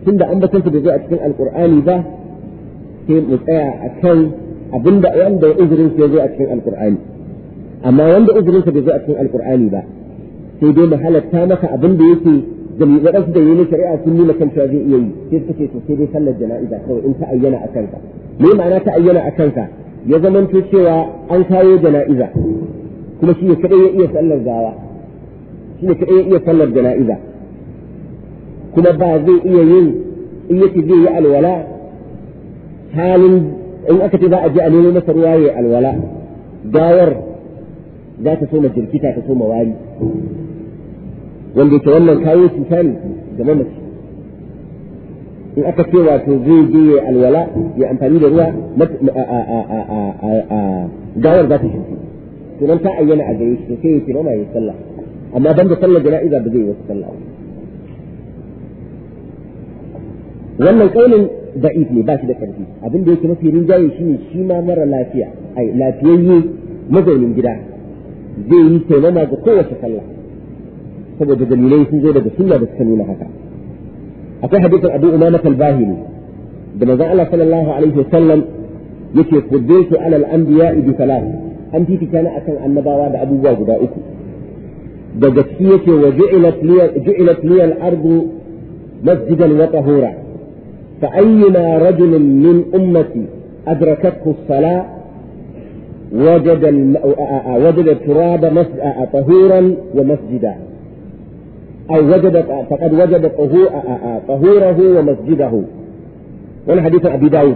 tun da ambatansa bai zo a cikin alƙur'ani ba sai mu tsaya a kan abinda wanda uzurin ya zo a cikin alƙur'ani amma wanda uzurin sa bai zo a cikin alƙur'ani ba sai dai mu halatta maka abin da yake jami'i waɗansu da yi na shari'a sun nuna kan cewa zai iya yi sai suka ce to sai dai sallar jana'iza kawai in ta ayyana a kanka me ma'ana ta ayyana a kanka ya zamanto cewa an kawo jana'iza kuma shi ne kadai ya iya sallar gawa shi ne kadai ya iya sallar jana'iza kuma ba zai iya yin in yake zai yi alwala halin in aka ce za a je a nemo masa ruwa ya alwala gawar za ta soma jirkita ta soma wari wanda yake wannan kawo cuta ne game mace in aka ce wato zai je ya alwala ya amfani da ruwa gawar za ta shi to nan ta ayyana a gare shi sai ya ce mama ya sallah amma ban da sallar jana'iza ba zai yi wasu sallah wannan kaunin da'if ne ba shi da karfi abin da yake mafi rinjaye shine shi ma mara lafiya ai lafiyayye mazaunin gida zai yi taimama ga kowace sallah saboda dalilai sun zo daga sunna da suka nuna haka akwai hadisin abu umama al-bahili da manzon Allah sallallahu alaihi wasallam yake quddintu ala al-anbiya bi salat an fifita na akan annabawa da abubuwa guda uku da gaske yake wa ju'ilat li ju'ilat li al-ardu masjidan wa tahura fa ayyuma rajulin min ummati adrakathu as-salah وجد وجد التراب طهورا ومسجدا أو وجد فقد وجد طهوره ومسجده وانا حديث أبي داود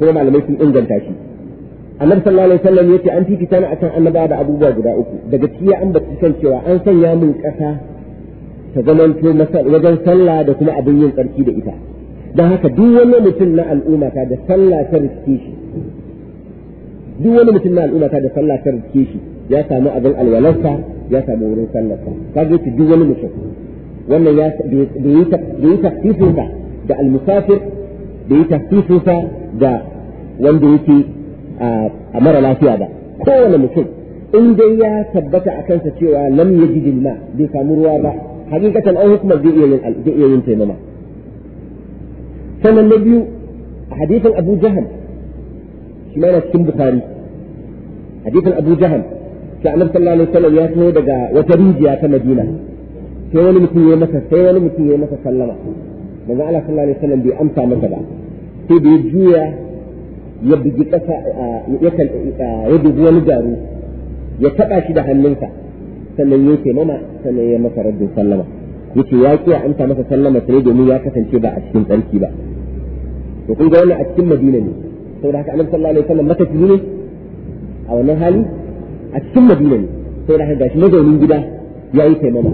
كما معلمين في إنجل تاشي annabi sallallahu alaihi wasallam yace an fifita ni akan annaba da abubuwa guda uku daga ciki an bata san cewa an sanya min kasa ta zamanto wajen sallah da kuma abin yin tsarki da ita don haka duk wani mutum na al'umma ta da sallah ta riske na al'umma da ya samu abin alwalarsa ya samu wurin sallar ka ga ci duk wani mutum wannan ya da yi tafsirin sa da almusafir da yi tafsirin sa da wanda yake a mara lafiya ba kowane mutum in dai ya tabbata a kansa cewa lam yajidil ma bai samu ruwa ba hakikatan an hukumar zai iya yin taimama sannan na biyu a hadithin abu jahal shi ma yana cikin bukari hadithin abu jahal sai annabi sallallahu alaihi wasallam ya taho daga wata rijiya ta Madina sai wani mutum ya masa sai wani mutum ya masa sallama manzo Allah sallallahu alaihi wasallam bai amsa masa ba sai da ya juya ya bugi kasa ya kan ya bugi wani garu ya taba shi da hannunsa sannan ya ce mama sannan ya masa raddin sallama yace ya ki amsa masa sallama sai domin ya kasance ba a cikin tsarki ba to kun ga wannan a cikin Madina ne saboda haka annabi sallallahu alaihi wasallam matafi ne a wannan hali a cikin madina ne sai da gashi mazaunin gida ya yi taimama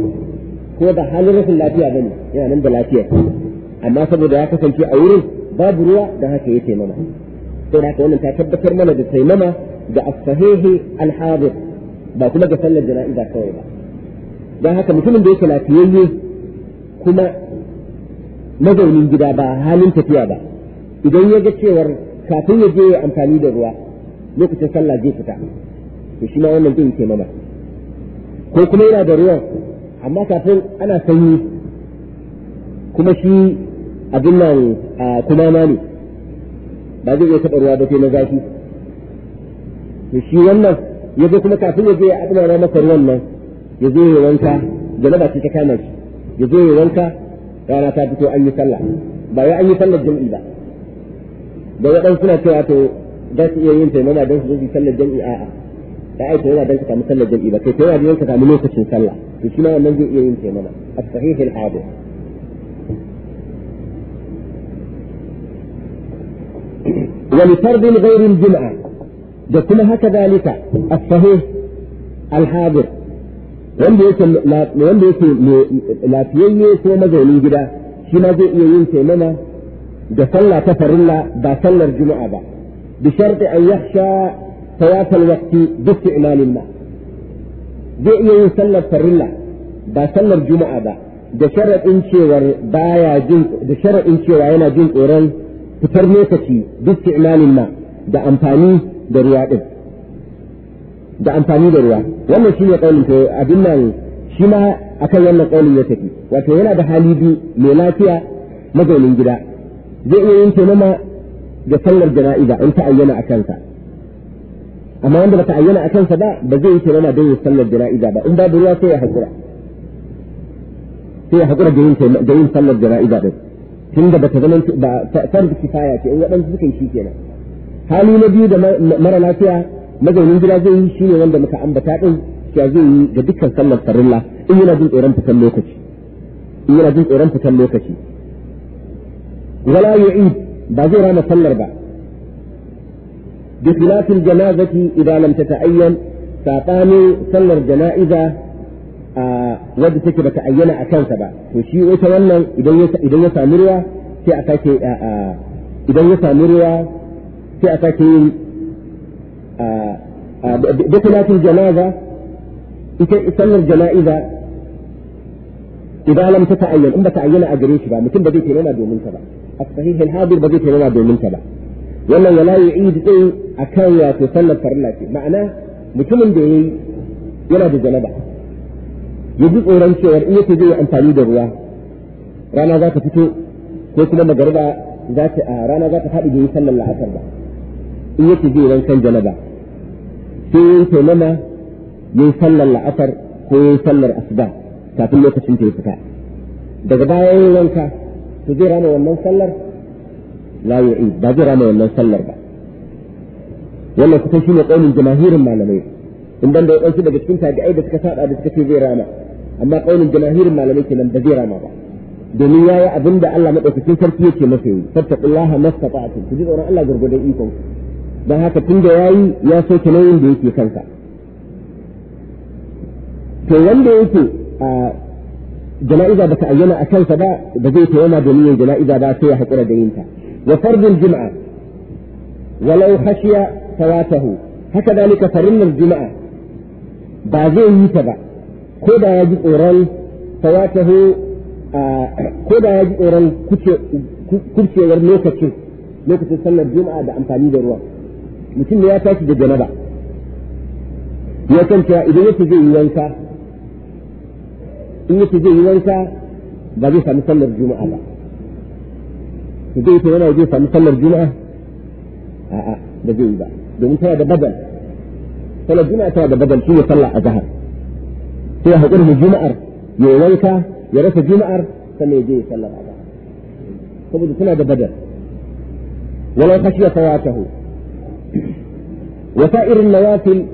ko da halin rashin lafiya ba ne, yana nan da lafiya amma saboda ya kasance a wurin babu ruwa da haka ya taimama sai da haka wannan ta tabbatar mana da taimama da as-sahihi al ba kuma ga sallar jana'iza kawai ba don haka mutumin da yake lafiyayye kuma mazaunin gida ba halin tafiya ba idan ya ga cewar kafin ya je amfani da ruwa lokacin sallah zai fita to shi ma wannan zai yi mana ko kuma yana da ruwan amma kafin ana sanyi kuma shi abin nan kuma na ne ba zai iya taɓa ruwa ba sai na zafi to shi wannan ya zo kuma kafin ya je ya adana masa ruwan nan ya zo ya wanka janaba ce ta kama shi ya zo ya wanka rana ta fito an yi sallah ba wai an yi sallar jam'i ba da waɗansu suna cewa to za su iya yin taimama don su zo su sallar jam'i a'a da ai tayyama dan ka samu sallar jami'i ba kai ta tayyama dan ka samu lokacin sallah to shi ma wannan zai iya yin tayyama as-sahih al-hadith ولفرض غير الجمعة ده كما هكذلك الصحيح الحاضر wanda yake wanda yake lafiyayye ko mazaunin gida shi ma zai iya yin taimama da sallah ta farilla ba sallar juma'a ba bi sharti an yahsha فوات الوقت باستعمال الماء zai iya yin sallar farilla ba sallar juma'a ba da sharaɗin cewar cewa yana jin tsoron fitar lokaci duk imanin ma da amfani da ruwa wannan shine kaulin abin nan shi ma akan wannan kaulin ya tafi wato yana da hali biyu mai lafiya mazaunin gida zai iya yin tunama da sallar jana'iza in ta ayyana a kansa amma wanda bata ayyana a kansa ba ba zai yi taimama don yin sallar jana'iza ba in babu ruwa sai ya haƙura sai ya haƙura da yin sallar jana'iza din tunda bata zama ba farz kifaya ce in waɗansu suka yi shi kenan hali na biyu da mara lafiya mazaunin gida zai yi shine wanda muka ambata din cewa zai yi ga dukkan sallar farilla in yana jin tsoron fitan lokaci in yana jin tsoron fitan lokaci wala yu'id ba zai rama sallar ba بخلاف الجنازة إذا لم تتعين ساقاني صلى الجنائزة wadda take bata ayyana a kansa ba to shi wata wannan idan ya idan ya samu ruwa sai aka sake idan ya samu ruwa sai aka sake yin bikilatul janaza ita sallar jana'iza idan lam ta ta'ayyana in bata ayyana a gare shi ba mutum ba zai kenan domin ta ba a sahihin hadir ba zai kenan domin ta ba wannan wala yu'id din akan wato sallar farilla ce ma'ana mutumin da yayi yana da janaba ya ji tsoron cewa in yake zai amfani da ruwa rana za ta fito ko kuma magariba za ta rana za ta faɗi da yi sallar la'asar ba in yake zai wankan janaba sai yayi taimama yayi sallar la'asar ko yayi sallar asuba kafin lokacin ta ya fita daga baya wanka to zai rana wannan sallar Za la yu'id ba zai rama wannan sallar ba wannan kusan shine kaulin jamahirin malamai in ban da wadansu daga cikin tabi'ai da suka saba da suka ce zai rama amma kaulin jamahirin malamai kenan ba zai rama ba domin yayi abin da Allah madaukakin sarki yake masa yi fattaqullaha mastata'tum ku ji tsoron Allah gurgurdan ikon dan haka tun da ya yi ya soke nauyin da yake kansa to wanda yake jana'iza ba ta ayyana a kansa ba ba zai ta yana domin yin jana'iza ba sai ya haƙura da yinta وفرض الجمعة ولو خشي فواته هكذلك فرن الجمعة بعضين يتبع كودا يجي أوران فواته كودا يجي أوران كرسي ورلوكة lokacin sallar juma'a da amfani da ruwa mutum ne ya tashi da janaba ya kanta yi wanka in yake zai yi wanka ba zai sami sallar juma'a ba بديت انا وديت مصلى الجمعة اه اه بديت بقى دون تاد بدل صلى الجمعة تاد بدل شو يصلى الزهر فيها قره الجمعة يوليكا يرس الجمعة ثم يجي يصلى الزهر فبد صلى ده بدل ولو خشي صلاته وسائر النوافل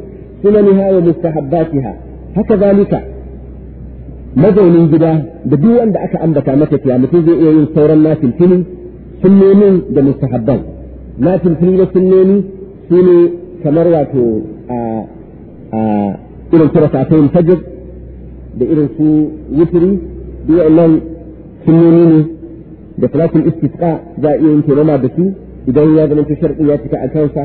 سننها ومستحباتها فكذلك مدعو من جدا بدون دعك أمدك أمدك يا متزي إيه يصور الناس الفيلم sunnonin da mustahabban na filfili na sunnoni su ne kamar wato a irin su rakatun fajr da irin su wuturi duk wannan sunnoni ne da salatul istisqa za a iya yin taimama da su idan ya zama sharɗi ya cika a kansa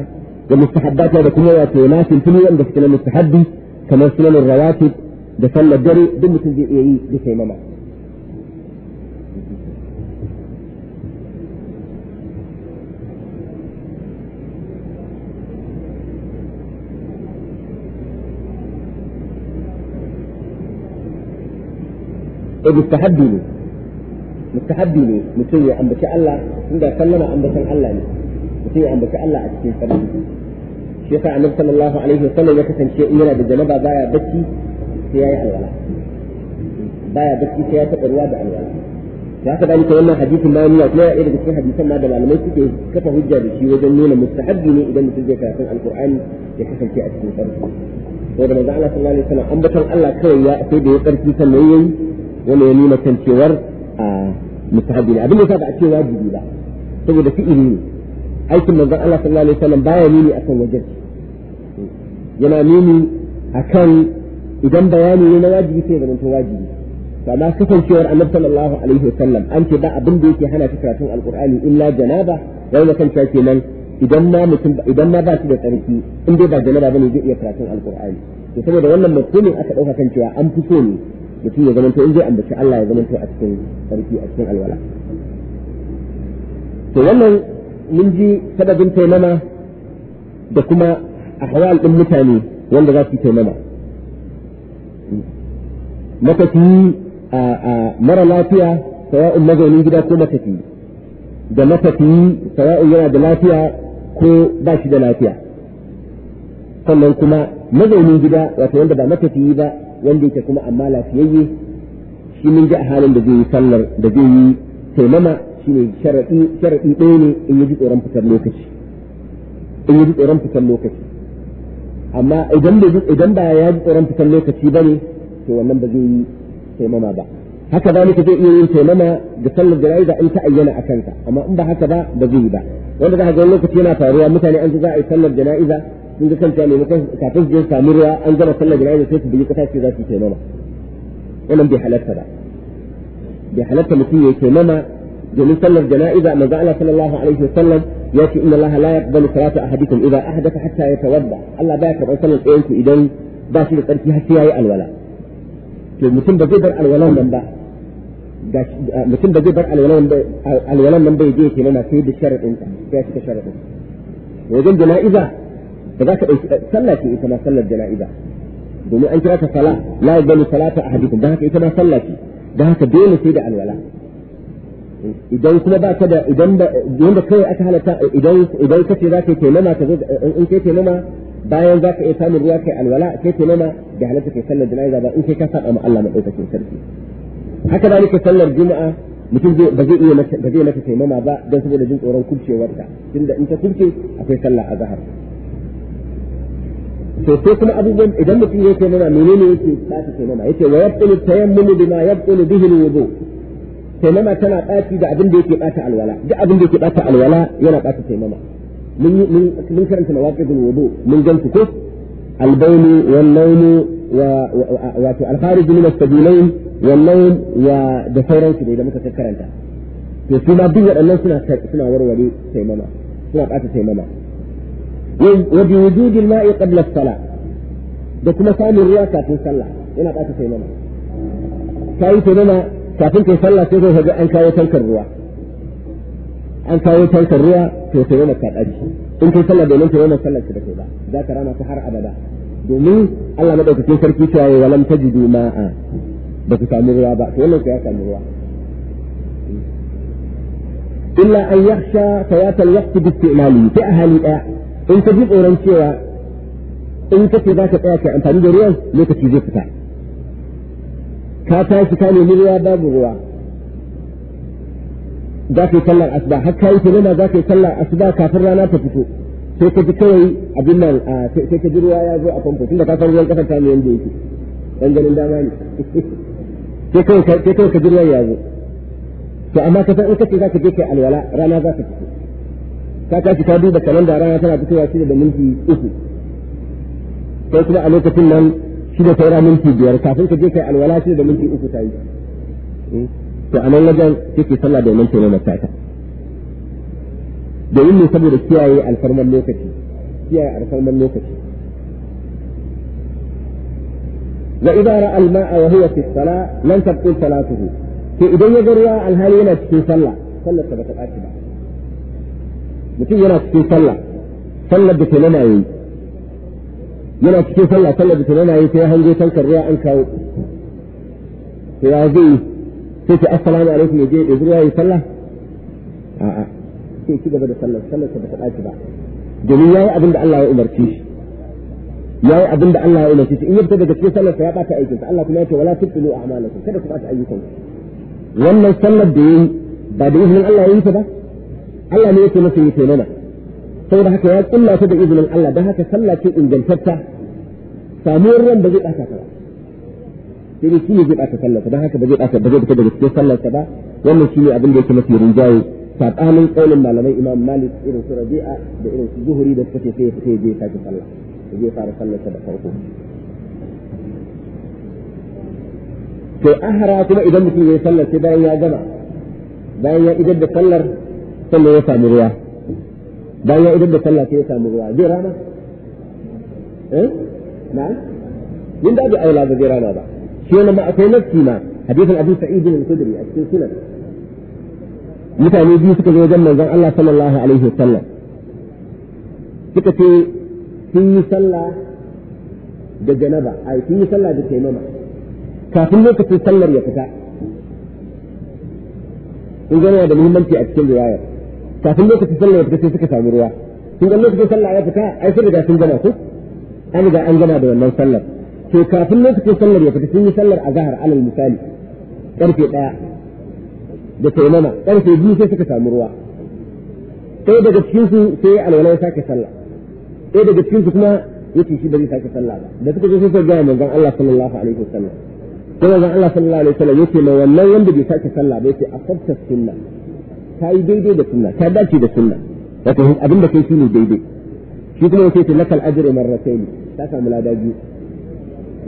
da mustahabbata da kuma wato na filfili wanda suke na mustahabbi kamar sunanin rawatib da sallar dare duk mutum zai iya yi da taimama. eh mustahabbi ne mustahabbi ne mutum ya ambaci Allah inda sallama ambacin Allah ne mutum ya ambaci Allah a cikin sallah shi yasa annabi sallallahu alaihi wasallam ya kasance in yana da janaba baya bacci sai yayi alwala baya bacci sai ya taɓa ruwa da alwala da haka dalika wannan hadisin ma nuna kuma ya daga cikin hadisan ma da malamai suke kafa hujja da shi wajen nuna mustahabbi ne idan mutum zai karatun alqur'ani ya kasance a cikin sarki to da manzo Allah sallallahu alaihi wasallam ambaton Allah kawai ya sai da ya sarki sannan yayi Wani ya nuna kan cewar mustahabi ne abin da ba a ce wajibi ba saboda fi'ili ne aikin manzon Allah sallallahu alaihi wasallam baya nuni akan wajen yana nuni akan idan bayani ne na wajibi sai zama to wajibi amma kasancewar annabi sallallahu alaihi wasallam an ce ba abin da yake hana karatun alqur'ani illa janaba wanda kan cewa kenan idan ma mutum idan ma ba shi da tsarki in dai ba janaba bane zai iya karatun alqur'ani to saboda wannan mafhumin aka dauka kan cewa an fito ne mutum ya zamanto in zai ambaci Allah ya zamanto a cikin sarki a cikin alwala to wannan mun ji sababin taimama da kuma ahwal din mutane wanda za su taimama matafiyi a mara lafiya sawa'un mazaunin gida ko matafiyi da matafiyi sawa'un yana da lafiya ko ba shi da lafiya sannan kuma mazaunin gida wato wanda ba matafiyi ba wanda yake kuma amma lafiyayye shi mun ji a halin da zai yi sallar da zai yi taimama shi ne sharaɗi sharaɗi ɗaya ne in yi ji tsoron fitar lokaci in yi ji tsoron fitar lokaci amma idan bai idan ba ya ji tsoron fitar lokaci ba ne to wannan ba zai yi taimama ba haka ba nika zai iya yin taimama da sallar jana'iza in ta ayyana a kanka amma in ba haka ba ba zai yi ba wanda za ka ga lokaci yana faruwa mutane an ji za a yi sallar jana'iza sun ga kanta ne kafin su je samu ruwa an gama sallar jana'iza sai su bi kasa ce za su yi taimama wannan bi halatta ba bi halatta mutum ya taimama domin sallar jana'iza manzo Allah sallallahu alaihi wasallam ya ce inna Allah la yaqbalu salata ahadikum idha ahdatha hatta yatawadda Allah baya karɓar sallar ɗayanku idan ba shi da tsarki har sai yayi alwala to mutum ba zai bar alwala nan ba mutum ba zai bar alwala nan ba ya je ya taimama sai da sharadin ya cika sharadin wajen jana'iza Da za ka ɗauki sallah ce ita ma sallar jana'iza domin an kira ta sala la yaqbalu salata ahadukum da haka ita ma sallah ce dan haka dole sai da alwala idan kuma ba ka da idan da wanda kai aka halatta idan idan kace za ka yi taimama ka zo in kai taimama bayan za ka iya samun ruwa kai alwala kai taimama da halatta kai sallar jana'iza ba in kai ka saba ma Allah madaukakin sarki haka da nake sallar juma'a mutum ba zai iya ba zai mata taimama ba don saboda jin tsoron kubcewarta tunda in ta kubce akwai sallah a zahar to sai kuma abubuwan idan mutum ya ce mana menene yake tsafi ke mana yace wa yabtulu tayammumu bima yabtulu bihi alwudu taimama tana tsafi da abin da yake bata alwala da abin da yake bata alwala yana bata taimama mun mun mun karanta mawaqidul wudu mun gantu ko albayni wal nawm wa wato al-kharij min as-sabilayn wal nawm wa da sauran su da muka karanta to su duk waɗannan suna suna warware taimama suna bata taimama وبوجود الماء قبل الصلاة da kuma samun ruwa kafin sallah yana ɓata sai mana yi sai kafin kai sallah sai zai an kawo tankar ruwa an kawo tankar ruwa to sai mana ka in kai sallah domin sai mana sallah da kai za ka rana ta har abada domin Allah madaukakin sarki cewa ya walam tajidu ma'a ba ku samu ruwa ba wannan ya samu ruwa illa an yakhsha fayatal duk bi istimali ta ɗaya in ka ji tsoron cewa in ka ce za ka tsaya kai amfani da ruwan lokaci zai fita ka tashi ka nemi ruwa babu ruwa za ka yi sallar asuba har ka yi tunana za ka yi sallar asuba kafin rana ta fito sai ka ji kawai abin nan sai ka ji ruwa ya zo a famfo tunda ka san ruwan kasar ta ne yanda yake dan ganin dama ne sai kawai ka ji ruwan ya zo to amma ka san in ka ce za ka je kai alwala rana za ta fito ka tashi ka duba kalanda rana tana fitowa shida da minti uku sai kuma a lokacin nan shida saura minti biyar kafin ka je kai alwala shida da minti uku ta yi hmm? to a nan wajen kike sallah da domin taimaka matata domin ne saboda kiyaye alfarman lokaci kiyaye alfarman lokaci wa idza ra'a al-ma'a wa huwa fi as-salah salatuhu to idan ya ga ruwa alhali yana cikin sallah sallar ta bata ɓaci ba mutum yana cikin sallah sallar da tunana yayi yana cikin sallah sallar da tunana yayi sai hango tankar ruwa an kawo to ya zai sai ce assalamu alaikum ya je ya zuwa yi sallah a'a sai ci gaba da sallar sallar ta bata dace ba domin yayi abin da Allah ya umarci shi yayi abin da Allah ya umarci shi in yadda daga cikin sallar sa ya bata aikin sa Allah kuma ya ce wala tubtilu a'malakum kada ku bata ayyukan wannan sallar da yayi ba da izinin Allah ya yi ta ba الله ما يكون مثل يتيننا سيدا حكا يقول إلا تدعي إذن الله ده حكا صلى شيء إن جلتبت سامورا بجيب أتا كلا سيدي شيء يجيب أتا صلى ده حكا بجيب أتا بجيب كده بجيب صلى سبا وما شيء أبن جيك مثل رجاي سعب أهمي قول ما لدي إمام مالك إرو سرديء بإرو سجوهري ده فتي فيه فتي جيب أتا صلى جيب أتا صلى سبا خوفه في أهرا تبا إذا مثل يصلى سبا يا جمع بايا إذا بصلر sannan ya samu ruwa bayan ya idan da sallah sai ya samu ruwa zai rana eh na yin da bi aula ba zai rana ba shi wannan ma akwai nafsi ma hadisin Abu Sa'id yi khudri a cikin sunan mutane biyu suka zo wajen manzon Allah sallallahu alaihi wasallam suka ce sun yi sallah da janaba ai sun yi sallah da taimama kafin lokacin sallar ya fita in gane da muhimmanci a cikin riwayar kafin lokacin sallah ya fita sai suka samu ruwa sun ga lokacin sallah ya fita ai sun riga sun gama ko an riga an gama da wannan sallar to kafin lokacin sallar ya fita sun yi sallar a zahar alal misali karfe daya da taimama karfe biyu sai suka samu ruwa sai daga cikin su sai alwala ya sake sallah sai daga cikin su kuma yace shi ba zai sake sallah ba da suka zo sai suka ga manzon Allah sallallahu alaihi wasallam sai manzon Allah sallallahu alaihi wasallam yace ma wannan wanda bai sake sallah ba yace asabta sunnah Ta yi daidai da sunna ta dace da sunna wato abin da kai shine daidai shi kuma yake ce lakal ajru marratayn ka samu lada biyu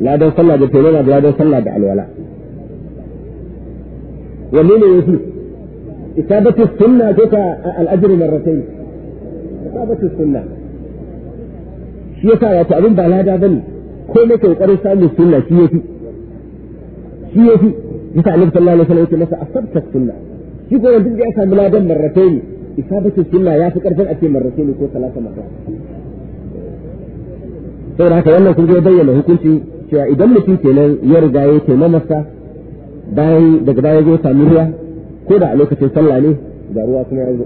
ladan sallah da tayyana da ladan sallah da alwala wanne ne yafi isabatu sunna ko ta al ajru marratayn isabatu sunna shi yasa wato abin ba lada bane ko ne kai karin samun sunna shi yafi shi yafi yasa annabi sallallahu alaihi wasallam yake masa asabta sunna shi ko wanda ya samu ladan isa isabatu sunna ya fi karfin a ce ne ko talata marra da haka wannan kun zo bayyana hukunci cewa idan mutum kenan ya riga ya masa bayan daga baya zai samu ruwa ko da a lokacin sallah ne ga ruwa kuma ya zo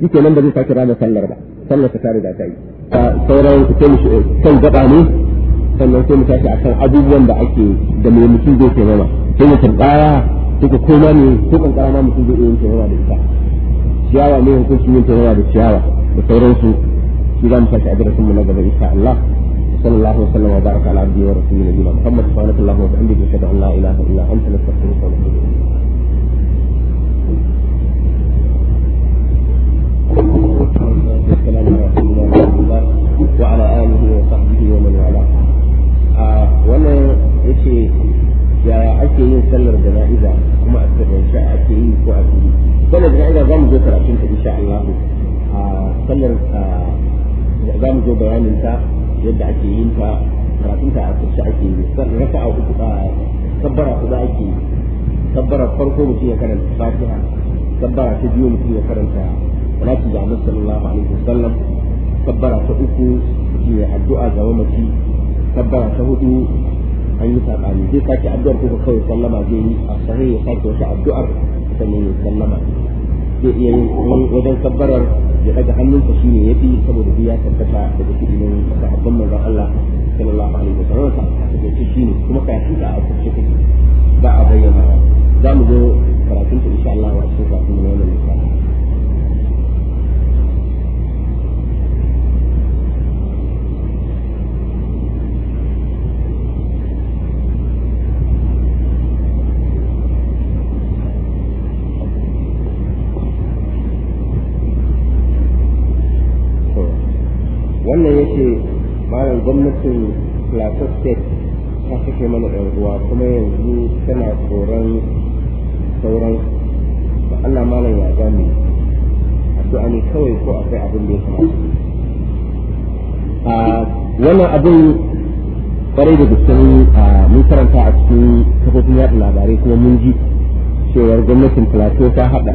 shi kenan ba zai sake rama sallar ba sallar ta da ta yi sauran kan gaba ne sannan sai mu tashi akan abubuwan da ake da mai mutum zai taimama sai mutum baya duka koma ne ko kankara ma mutum zai na yin tawara da ita ciyawa ne hukuncin yin tawara da ciyawa da sauransu shi za mu tashi a darasin mu na gaba insha Allah صلى الله وسلم Muhammad sallallahu alaihi wa sallam محمد سبحانك اللهم وبحمدك اشهد ان لا اله الا انت نستغفرك ala اليك وعلى اله وصحبه ومن والاه. wannan وانا yaya ake yin sallar jana'iza kuma a sirrance ake yi ko a cikin sallar jana'iza za mu zo karatun ta insha Allah a sallar za mu zo bayanin ta yadda ake yin ta karatun ta a sirrance ake yi raka'a uku ba ku da ake yi farko mutum ya karanta fatiha kabbara ta biyu mutum ya karanta salatu da annabi sallallahu alaihi wasallam kabbara ta uku mutum ya addu'a ga mamaci kabbara ta hudu an yi sabani zai sake addu'ar ko kawai sallama zai yi a sahih ya sake wata addu'ar sannan ya sallama zai iya yin wajen kabbarar ya daga hannunsa shine ya fi saboda biya tabbata daga cikin sahabban manzon Allah sallallahu alaihi wasallam ta ce shine kuma kai hita a cikin ba a bayyana za mu zo karatun ta insha Allah wa cikin kafin wannan misali wannan yake malam gwamnatin plateau state ta kashe mana ɗan uwa kuma yanzu tana tsoron sauran da allah malam ya a addu'a ne kawai ko akwai abin da ya kamata wannan abin kwarai da gaske mun karanta a cikin kafofin yaɗa labarai kuma mun ji cewar gwamnatin plateau ta haɗa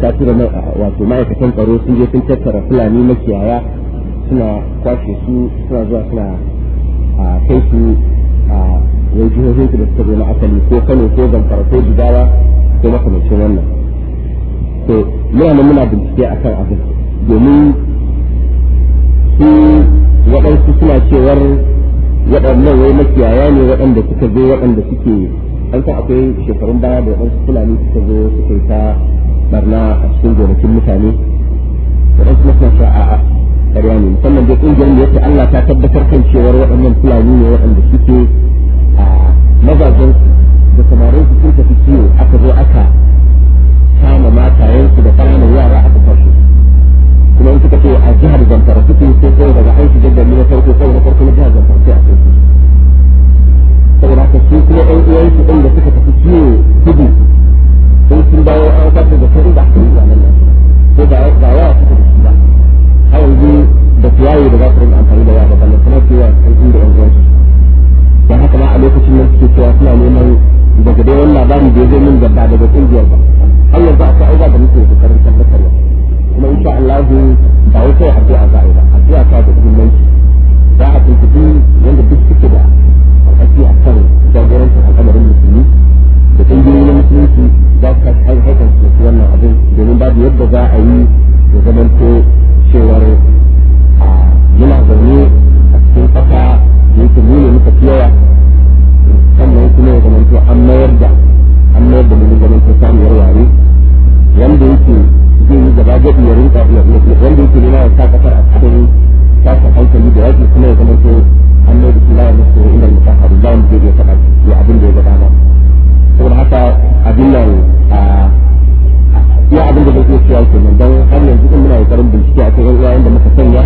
ta tura wato ma'aikatan tsaro sun je sun tattara fulani makiyaya suna kwashe su suna zuwa suna a kai su a wai jihohin da suka zo na asali ko kano ko zamfara ko jigawa ko makamancin wannan to muna nan muna bincike a kan abin domin su waɗansu suna cewar waɗannan wai makiyaya ne waɗanda suka zo waɗanda suke an san akwai shekarun baya da waɗansu fulani suka zo suka yi ta barna a cikin gonakin mutane waɗansu kuma a'a ƙarya ne musamman dai ƙungiyar da yake Allah ta tabbatar kan cewar waɗannan fulani ne waɗanda suke a mazajen da samarin su sun tafi ciwo aka zo aka kama matayensu da ƙananan yara aka kwashe kuma in suka ce a jihar Zamfara suke yi sai kawai daga aiki jaddan ne na farko kawai na farko na jihar Zamfara sai a kai su saboda haka su kuma ɗan uwansu ɗin da suka tafi ciwo gudu sun sun dawo an kasa da sun da aka yi wannan nan ko ba yawa suka da shi ba har yanzu da kiyaye da za su amfani da yawa ballan kuma cewa sun inda al'umma da yan uwansu haka ma a lokacin nan suke cewa suna neman daga dai wani labari da ya zai min gaba daga kungiyar ba har yanzu akwai abubuwa da muke kokarin tabbatarwa kuma sha Allah ba wai kai addu'a za a yi ba addu'a ta da muhimmanci za a tuntubi wanda duk suke da alƙaƙi a kan jagorancin al'amarin musulmi da ƙungiyoyi na musulunci za su tashi haikar su wannan abin domin babu yadda za a yi ya zamanto cewar muna zaune a cikin ƙasa da yake nuna muka fi yawa sannan kuma ya zamanto an mayar da an mayar da mu zamanto samuwar ware wanda yake zai yi gaba gaɗi ya rinka wanda yake nuna ya sa ƙasar a cikin kasa hankali da yake kuma ya zamanto an mayar da kula da su inda mutum haɗu za mu da ya faɗa abin da ya gaba ba saboda haka abin nan ya abin da zai iya cewa kenan don har yanzu in muna kokarin bincike a yan yayin da muka sanya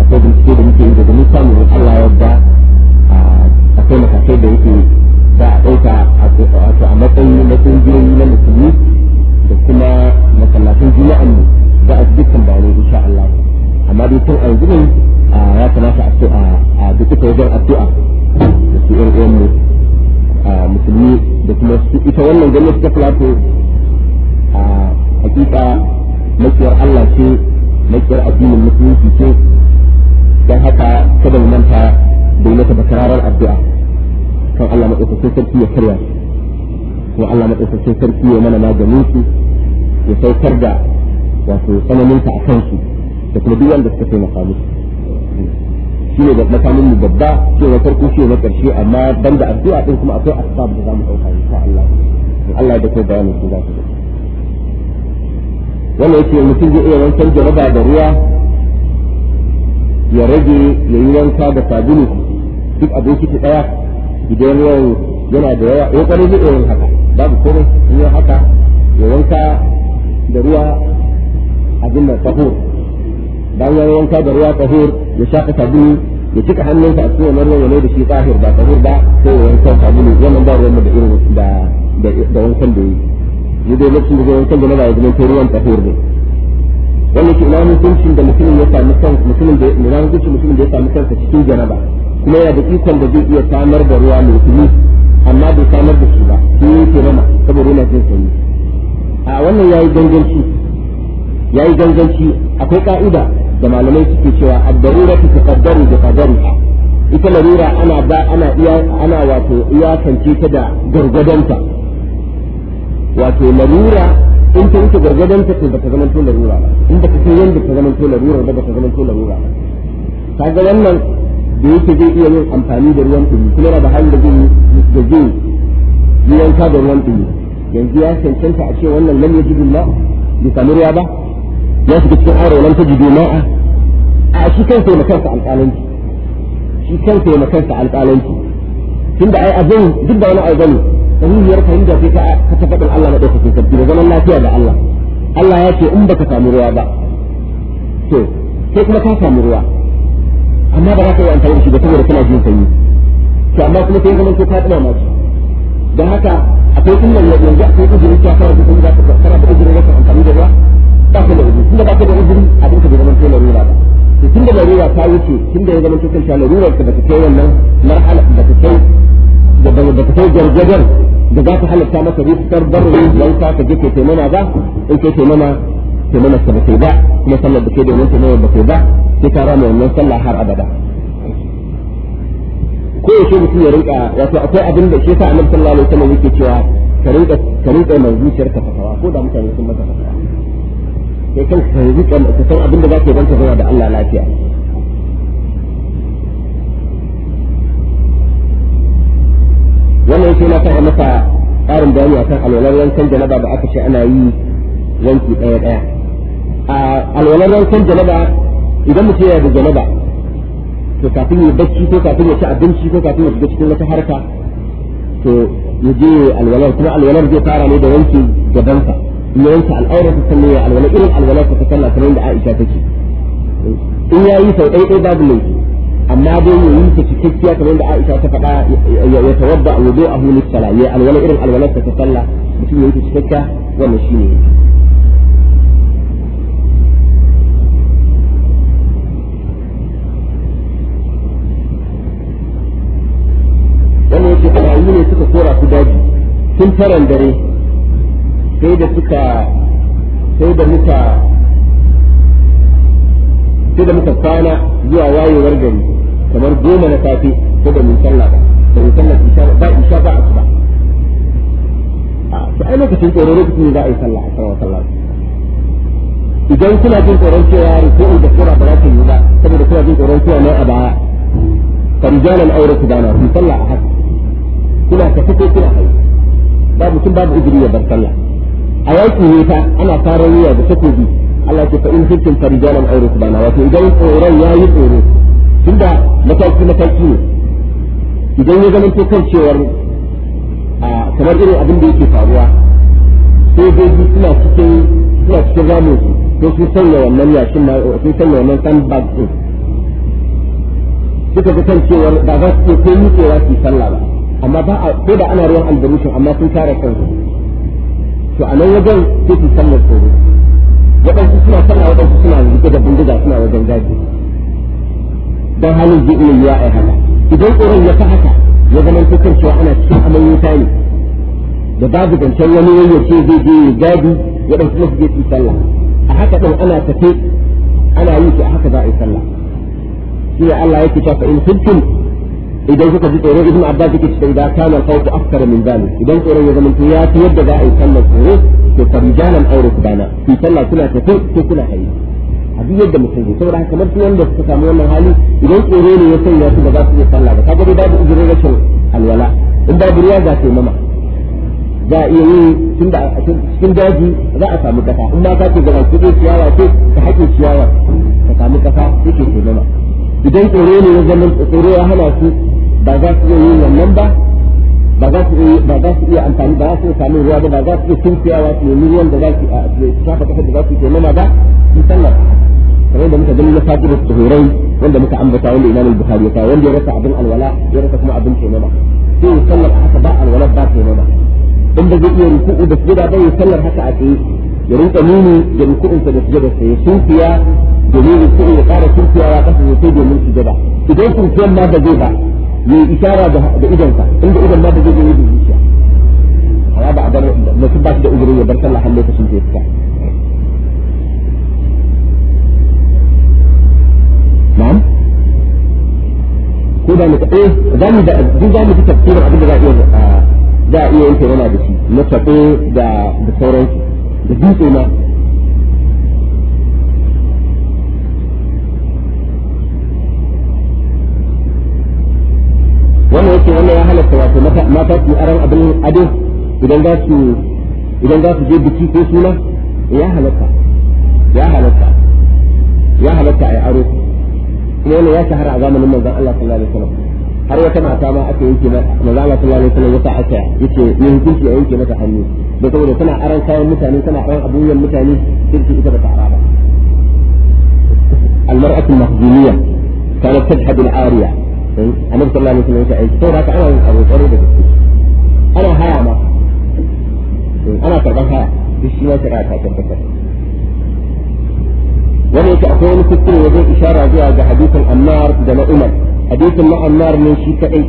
akwai bincike da muke yi da mun samu Allah yarda akwai matakai da yake za a ɗauka a matsayi na ƙungiyoyi na musulmi da kuma masallatan juma'an mu za a dukkan bayanai insha Allah amma dai tun a yanzu ne ya kamata a ce a duk wajen addu'a da su ƴan uwan mu musulmi da kuma ita wannan gwamnati ta plateau hakika makiyar Allah ce makiyar addinin musulunci ce don haka kada mu manta da yi mata bakararar addu'a kan Allah maɗaukakin sarki ya karya ko Allah maɗaukakin sarki ya mana maganin su ya saukar da wato ta a kansu da kuma duk wanda suka taimaka musu shi ne makamin mu babba shi na farko shi na karshe amma banda addu'a din kuma akwai asbab da zamu dauka insha Allah allah ya da kai bayanin su za su wanda yake mutum zai iya wankan jaraba da ruwa ya rage ya yi wanka da sabulu duk abin ciki daya idan yawan yana da yawa ya eh, kwarai zai iya yin haka babu komai in yi haka ya wanka da ruwa abin da tahur bayan ya wanka da ruwa tahur ya shafa sabulu ya cika hannunsa a cikin wannan ruwan da shi tahir ba tahur ba sai ya wanka sabulu wannan ba ruwan da irin da da wankan da yi ya dai lokacin da zai wankan da na ya zama ko ruwan tahur ne wannan ke ina hukuncin da mutumin ya samu kansa mutumin da ina hukuncin mutumin da ya samu kansa cikin janaba kuma yana da ikon da zai iya samar da ruwa mai tumi amma bai samar da shi ba ya ke rama saboda yana jin sanyi a wannan yayi ganganci yayi ganganci akwai ka'ida da malamai suke cewa addarura ta taqaddaru da qadariha ita larura ana ba ana iya ana wato kance ta da gargadanta wato larura in ta wuce gargadon ta to bata zamanto larura ba in baka san yanda ta zamanto larura ba bata zamanto larura ba kaga wannan da yake zai iya yin amfani da ruwan dumi kuma yana da halin da zai da zai yi wanka da ruwan dumi yanzu ya cancanta a ce wannan lam yajidu ma bi samu ba ya shiga cikin aro lam tajidu ma. a shi kansa ya makansa alƙalanci shi kansa ya makansa alƙalanci tunda ai abin duk da wani ai gani sahihiyar fahimta sai ka ta tafadin Allah na daukakin sarki da zaman lafiya da Allah Allah ya ce in baka samu ruwa ba to sai kuma ka samu ruwa amma ba za ka yi amfani da shi ba saboda kana jin sanyi to amma kuma sai zaman ko ka tsaya ma shi dan haka akwai illar yanzu akwai ujirin ta fara dukkan da ka fara da ujirin ka amfani da ruwa ba ka da ujiri tunda ba ka da ujiri abin ka bai zaman ko larura ba to tunda larura ta wuce tunda ya zaman ko kanta larurar ka da ta kai wannan marhala da ta kai da da ta kai gargadar da za ka halatta maka rufar barri wanka ka je kai taimama ba in kai taimama taimama ka bakai ba kuma sallar da kai domin taimama bakai ba sai ka rama wannan sallah har abada ko yaushe mutum ya rinka wato akwai abin da shi yasa annabi sallallahu alaihi wasallam yake cewa ka rinka ka rinka mai zuciyar ka fatawa ko da mutane sun maka fatawa sai kan ka rinka ka san abin da za zaka yi don ka zauna da Allah lafiya wannan yake na faɗa masa ƙarin bayani akan alwalar wankan janaba da aka ce ana yi wanki ɗaya ɗaya a alwalar wankan janaba idan mutum yana da janaba to kafin ya bacci ko kafin ya ci abinci ko kafin ya shiga cikin wata harka to ya je alwalar kuma alwalar zai fara ne da wanke gabansa in ya wanke al'aurar ta sannan ya alwala irin alwalar ta sallah kamar da Aisha take in yayi sau ɗaya ɗaya babu laifi amma dai ya yi ta cikakkiya kamar da Aisha ta faɗa ya tawadda wudu'ahu lis-salah ya alwala irin alwalar ta sallah mutum ya yi ta cikakkiya wannan shine wannan yake ƙwararru ne suka kora su daji tun taron dare sai da suka sai da muka sai da muka kwana zuwa wayewar gari kamar goma na safe ko da mun sallah ba da mun sallah isha ba insha ba asuba a sai lokacin tsoro lokacin da za a yi sallah a sallah sallah idan kuna jin tsoron cewa ruku'u da sura ba za ta yi ba saboda kuna jin tsoron cewa ne a baya farijalan aure ku bana ku sallah a haka kuna ka fito kuna hayi ba mutum babu izini ya bar sallah a yaki ne ta ana fara wuya da takobi Allah ya ce fa in kuntum farijalan aure ku bana wato idan tsoron yayi tsoro tunda mataki mataki ne idan ya zama kan cewar kamar irin abin da yake faruwa sojoji suna cikin suna cikin ramin su sun sanya wannan yashin sun sanya wannan sandbag din suka ga kan cewar ba za su ko nutsewa su sallah ba amma ba a ko da ana ruwan albarushin amma sun tara kansu to a nan wajen sai su sallar tsoro waɗansu suna sallah waɗansu suna rike da bindiga suna wajen gaji don halin zai iya yiwa a hana idan tsoron ya fi haka ya zama cikin cewa ana cikin aman wuta ne da babu zancen wani wani ce zai je ya gadi ya ɗauki masu je sallah a haka ɗin ana tafe ana yi shi a haka za a yi sallah shi ne Allah yake cewa fa in kuntum idan kuka ji tsoro ibn abbas yake cewa idan kana al-khawfu akthar min zalik idan tsoron ya zama ya fi yadda za a yi sallah tsoro to farijalan aure kubana fi sallah kuna tafe ko kuna hayi a da yadda mutum zai sauran kamar duk wanda suka samu wannan hali idan tsoro ne ya sanya su ba za su iya sallah ba kaga dai babu ijirin rashin alwala in babu ruwa za su yi mama za a iya yi cikin daji za a samu kasa in ma ka ce gaba ki ciyawa ce ta haƙe ciyawa ka samu kasa yake ke mama idan tsoro ne ya zama tsoro ya hana su ba za su iya yi wannan ba ba za su ba za su iya amfani ba za su samu ruwa ba ba za su iya tunkiyawa su nemi ruwan da za su shafa kasar da za su ke mama ba su sallar kamar da muka gani na fadi da tsohorai wanda muka ambata wanda imamul buhari ya kawo wanda ya rasa abin alwala ya rasa kuma abin taimama sai ya sallar haka ba alwala ba taimama in da zai iya ruku'u da sujada ba ya sallar haka a tsaye ya rinka nuni da ruku'unsa da sujada sai ya sunfiya domin ruku'u ya fara sunfiyawa kasa ya sai domin sujada idan sunfiyan ma ba zai ba ya yi ishara da sa inda idon ma ba zai zai da zuciya amma ba a bar mutum ba su da uzuri ya bar sallah har lokacin da na'am ko da mu eh za mu da duk za mu ji tafsirin abin da za a iya za a iya yanke yana da shi na tafe da da sauransu da dutse ma wannan yake wannan ya halatta wato mata su aran abin ado idan za su idan za su je biki ko suna ya halatta ya halatta ya halatta a yi aro kuma ya shahara a zamanin manzon Allah sallallahu alaihi wasallam har wata mata ma aka yanke mata manzon Allah sallallahu alaihi wasallam aka yace ne hukunci a yanke mata hannu da saboda tana aran kayan mutane tana aran mutane ita ba wani yake akwai wani kuskure wajen ishara zuwa ga hadisin Ammar da na Umar hadisin na Ammar ne shi kadai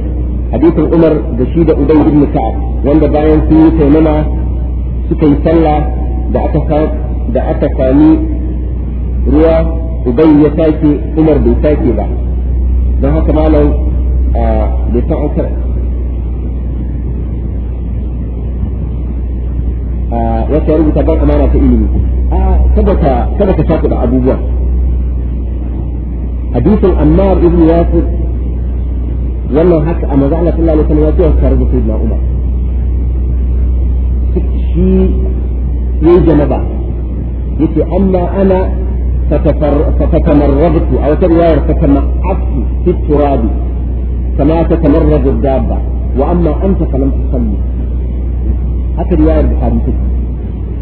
hadisin Umar da shi da Ubay ibn Ka'ab wanda bayan sun yi taimama suka yi sallah da aka da aka sami ruwa Ubay ya sake Umar bai sake ba don haka malam ah, bai san wata ya rubuta ban amana ta ilimi a kada ka shaku da abubuwa hadisin amma ibn Yasir wannan haka a maza Allah sallallahu alaihi wasallam ya ce ka rubuta Sayyidina Umar shi yayi janaba yace amma ana فتتمرغت او روايه فتمعست في التراب كما تتمرغ wa واما انت فلم تصلي haka riwayar bukhari take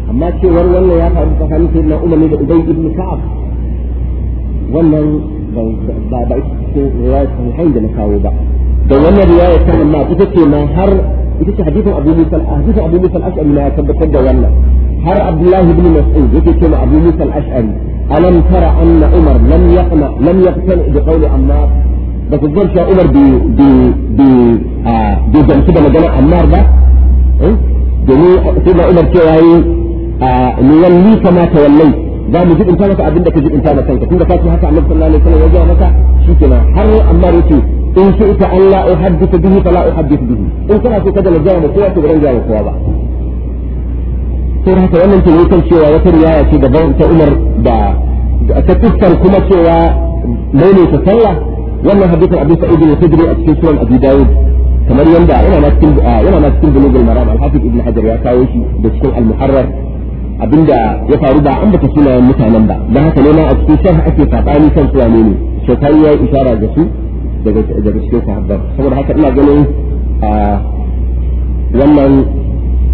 amma cewar wannan ya faru tsakanin sai na umar ne da ubay ibn ka'ab wannan ba ba ita ce ta sahihain da na kawo ba da wannan riwayar ta amma ita ce ma har ita ce hadisin abu abu ya tabbatar da wannan har abdullahi ibn mas'ud yake ce ma abu musa ashari alam tara anna umar lam yaqna lam yaqtani bi qawli ammar ba ku zanta umar bi bi bi a ah, bi da magana ammar ba eh? domin sai da umar cewa yi ni walli kama ta wallai za mu jibinta maka abin da ka jibinta maka kanka tunda ka ce haka annabi sallallahu alaihi wasallam ya gaya maka shikenan har amma yake in shi'ta an la uhaddithu bihi fala uhaddithu bihi in kana so kada na gaya kowa to ba zan kowa ba sai haka wannan ke kan cewa wata riwaya ce daban ta umar da ta kuskar kuma cewa ta sallah wannan hadisin abu sa'id ne sidri a cikin sunan abi dawud kamar yanda yana ma cikin ah, yana ma cikin bulugul maram al-hafiz ibn hajar ya kawo shi da cikin al-muharrar abinda ya faru ba an bata sunayen mutanen ba dan haka ne ma a cikin sharh ake fadani kan su wane ne shekaru ya isara ga su daga daga cikin sahabban saboda haka ina ganin ah, wannan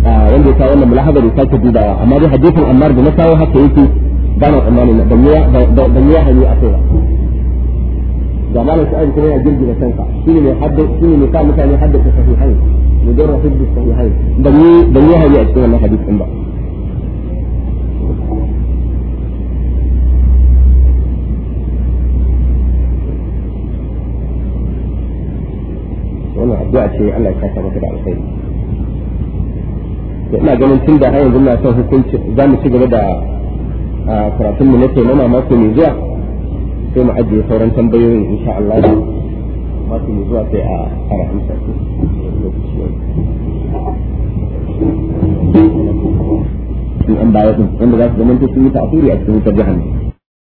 ah, wanda ya kawo wannan mulahaza da sake dubawa amma dai hadisin ammar da na kawo haka yake ba na tsammanin ban yi ban yi hani a kai ba جمال السؤال كده يا جلد بسنسع شين اللي يحدد شين اللي يفعل مثلا يحدد في الصحيحين مدرة في الصحيحين بني بنيها دي اشتنا ما حديث انبا وانا عبد الله شيء الله يكاسا ما تبع الخير ما جنن تندا هاي نقول لها سوف كنت زامي شيء بدا آه، كراتين من نتي انا ما كنت sai mu ajiye sauran tambayoyin insha Allah su mu zuwa sai a fara amsa su in an za su zama sun yi ta'asiri a cikin wutar jahannam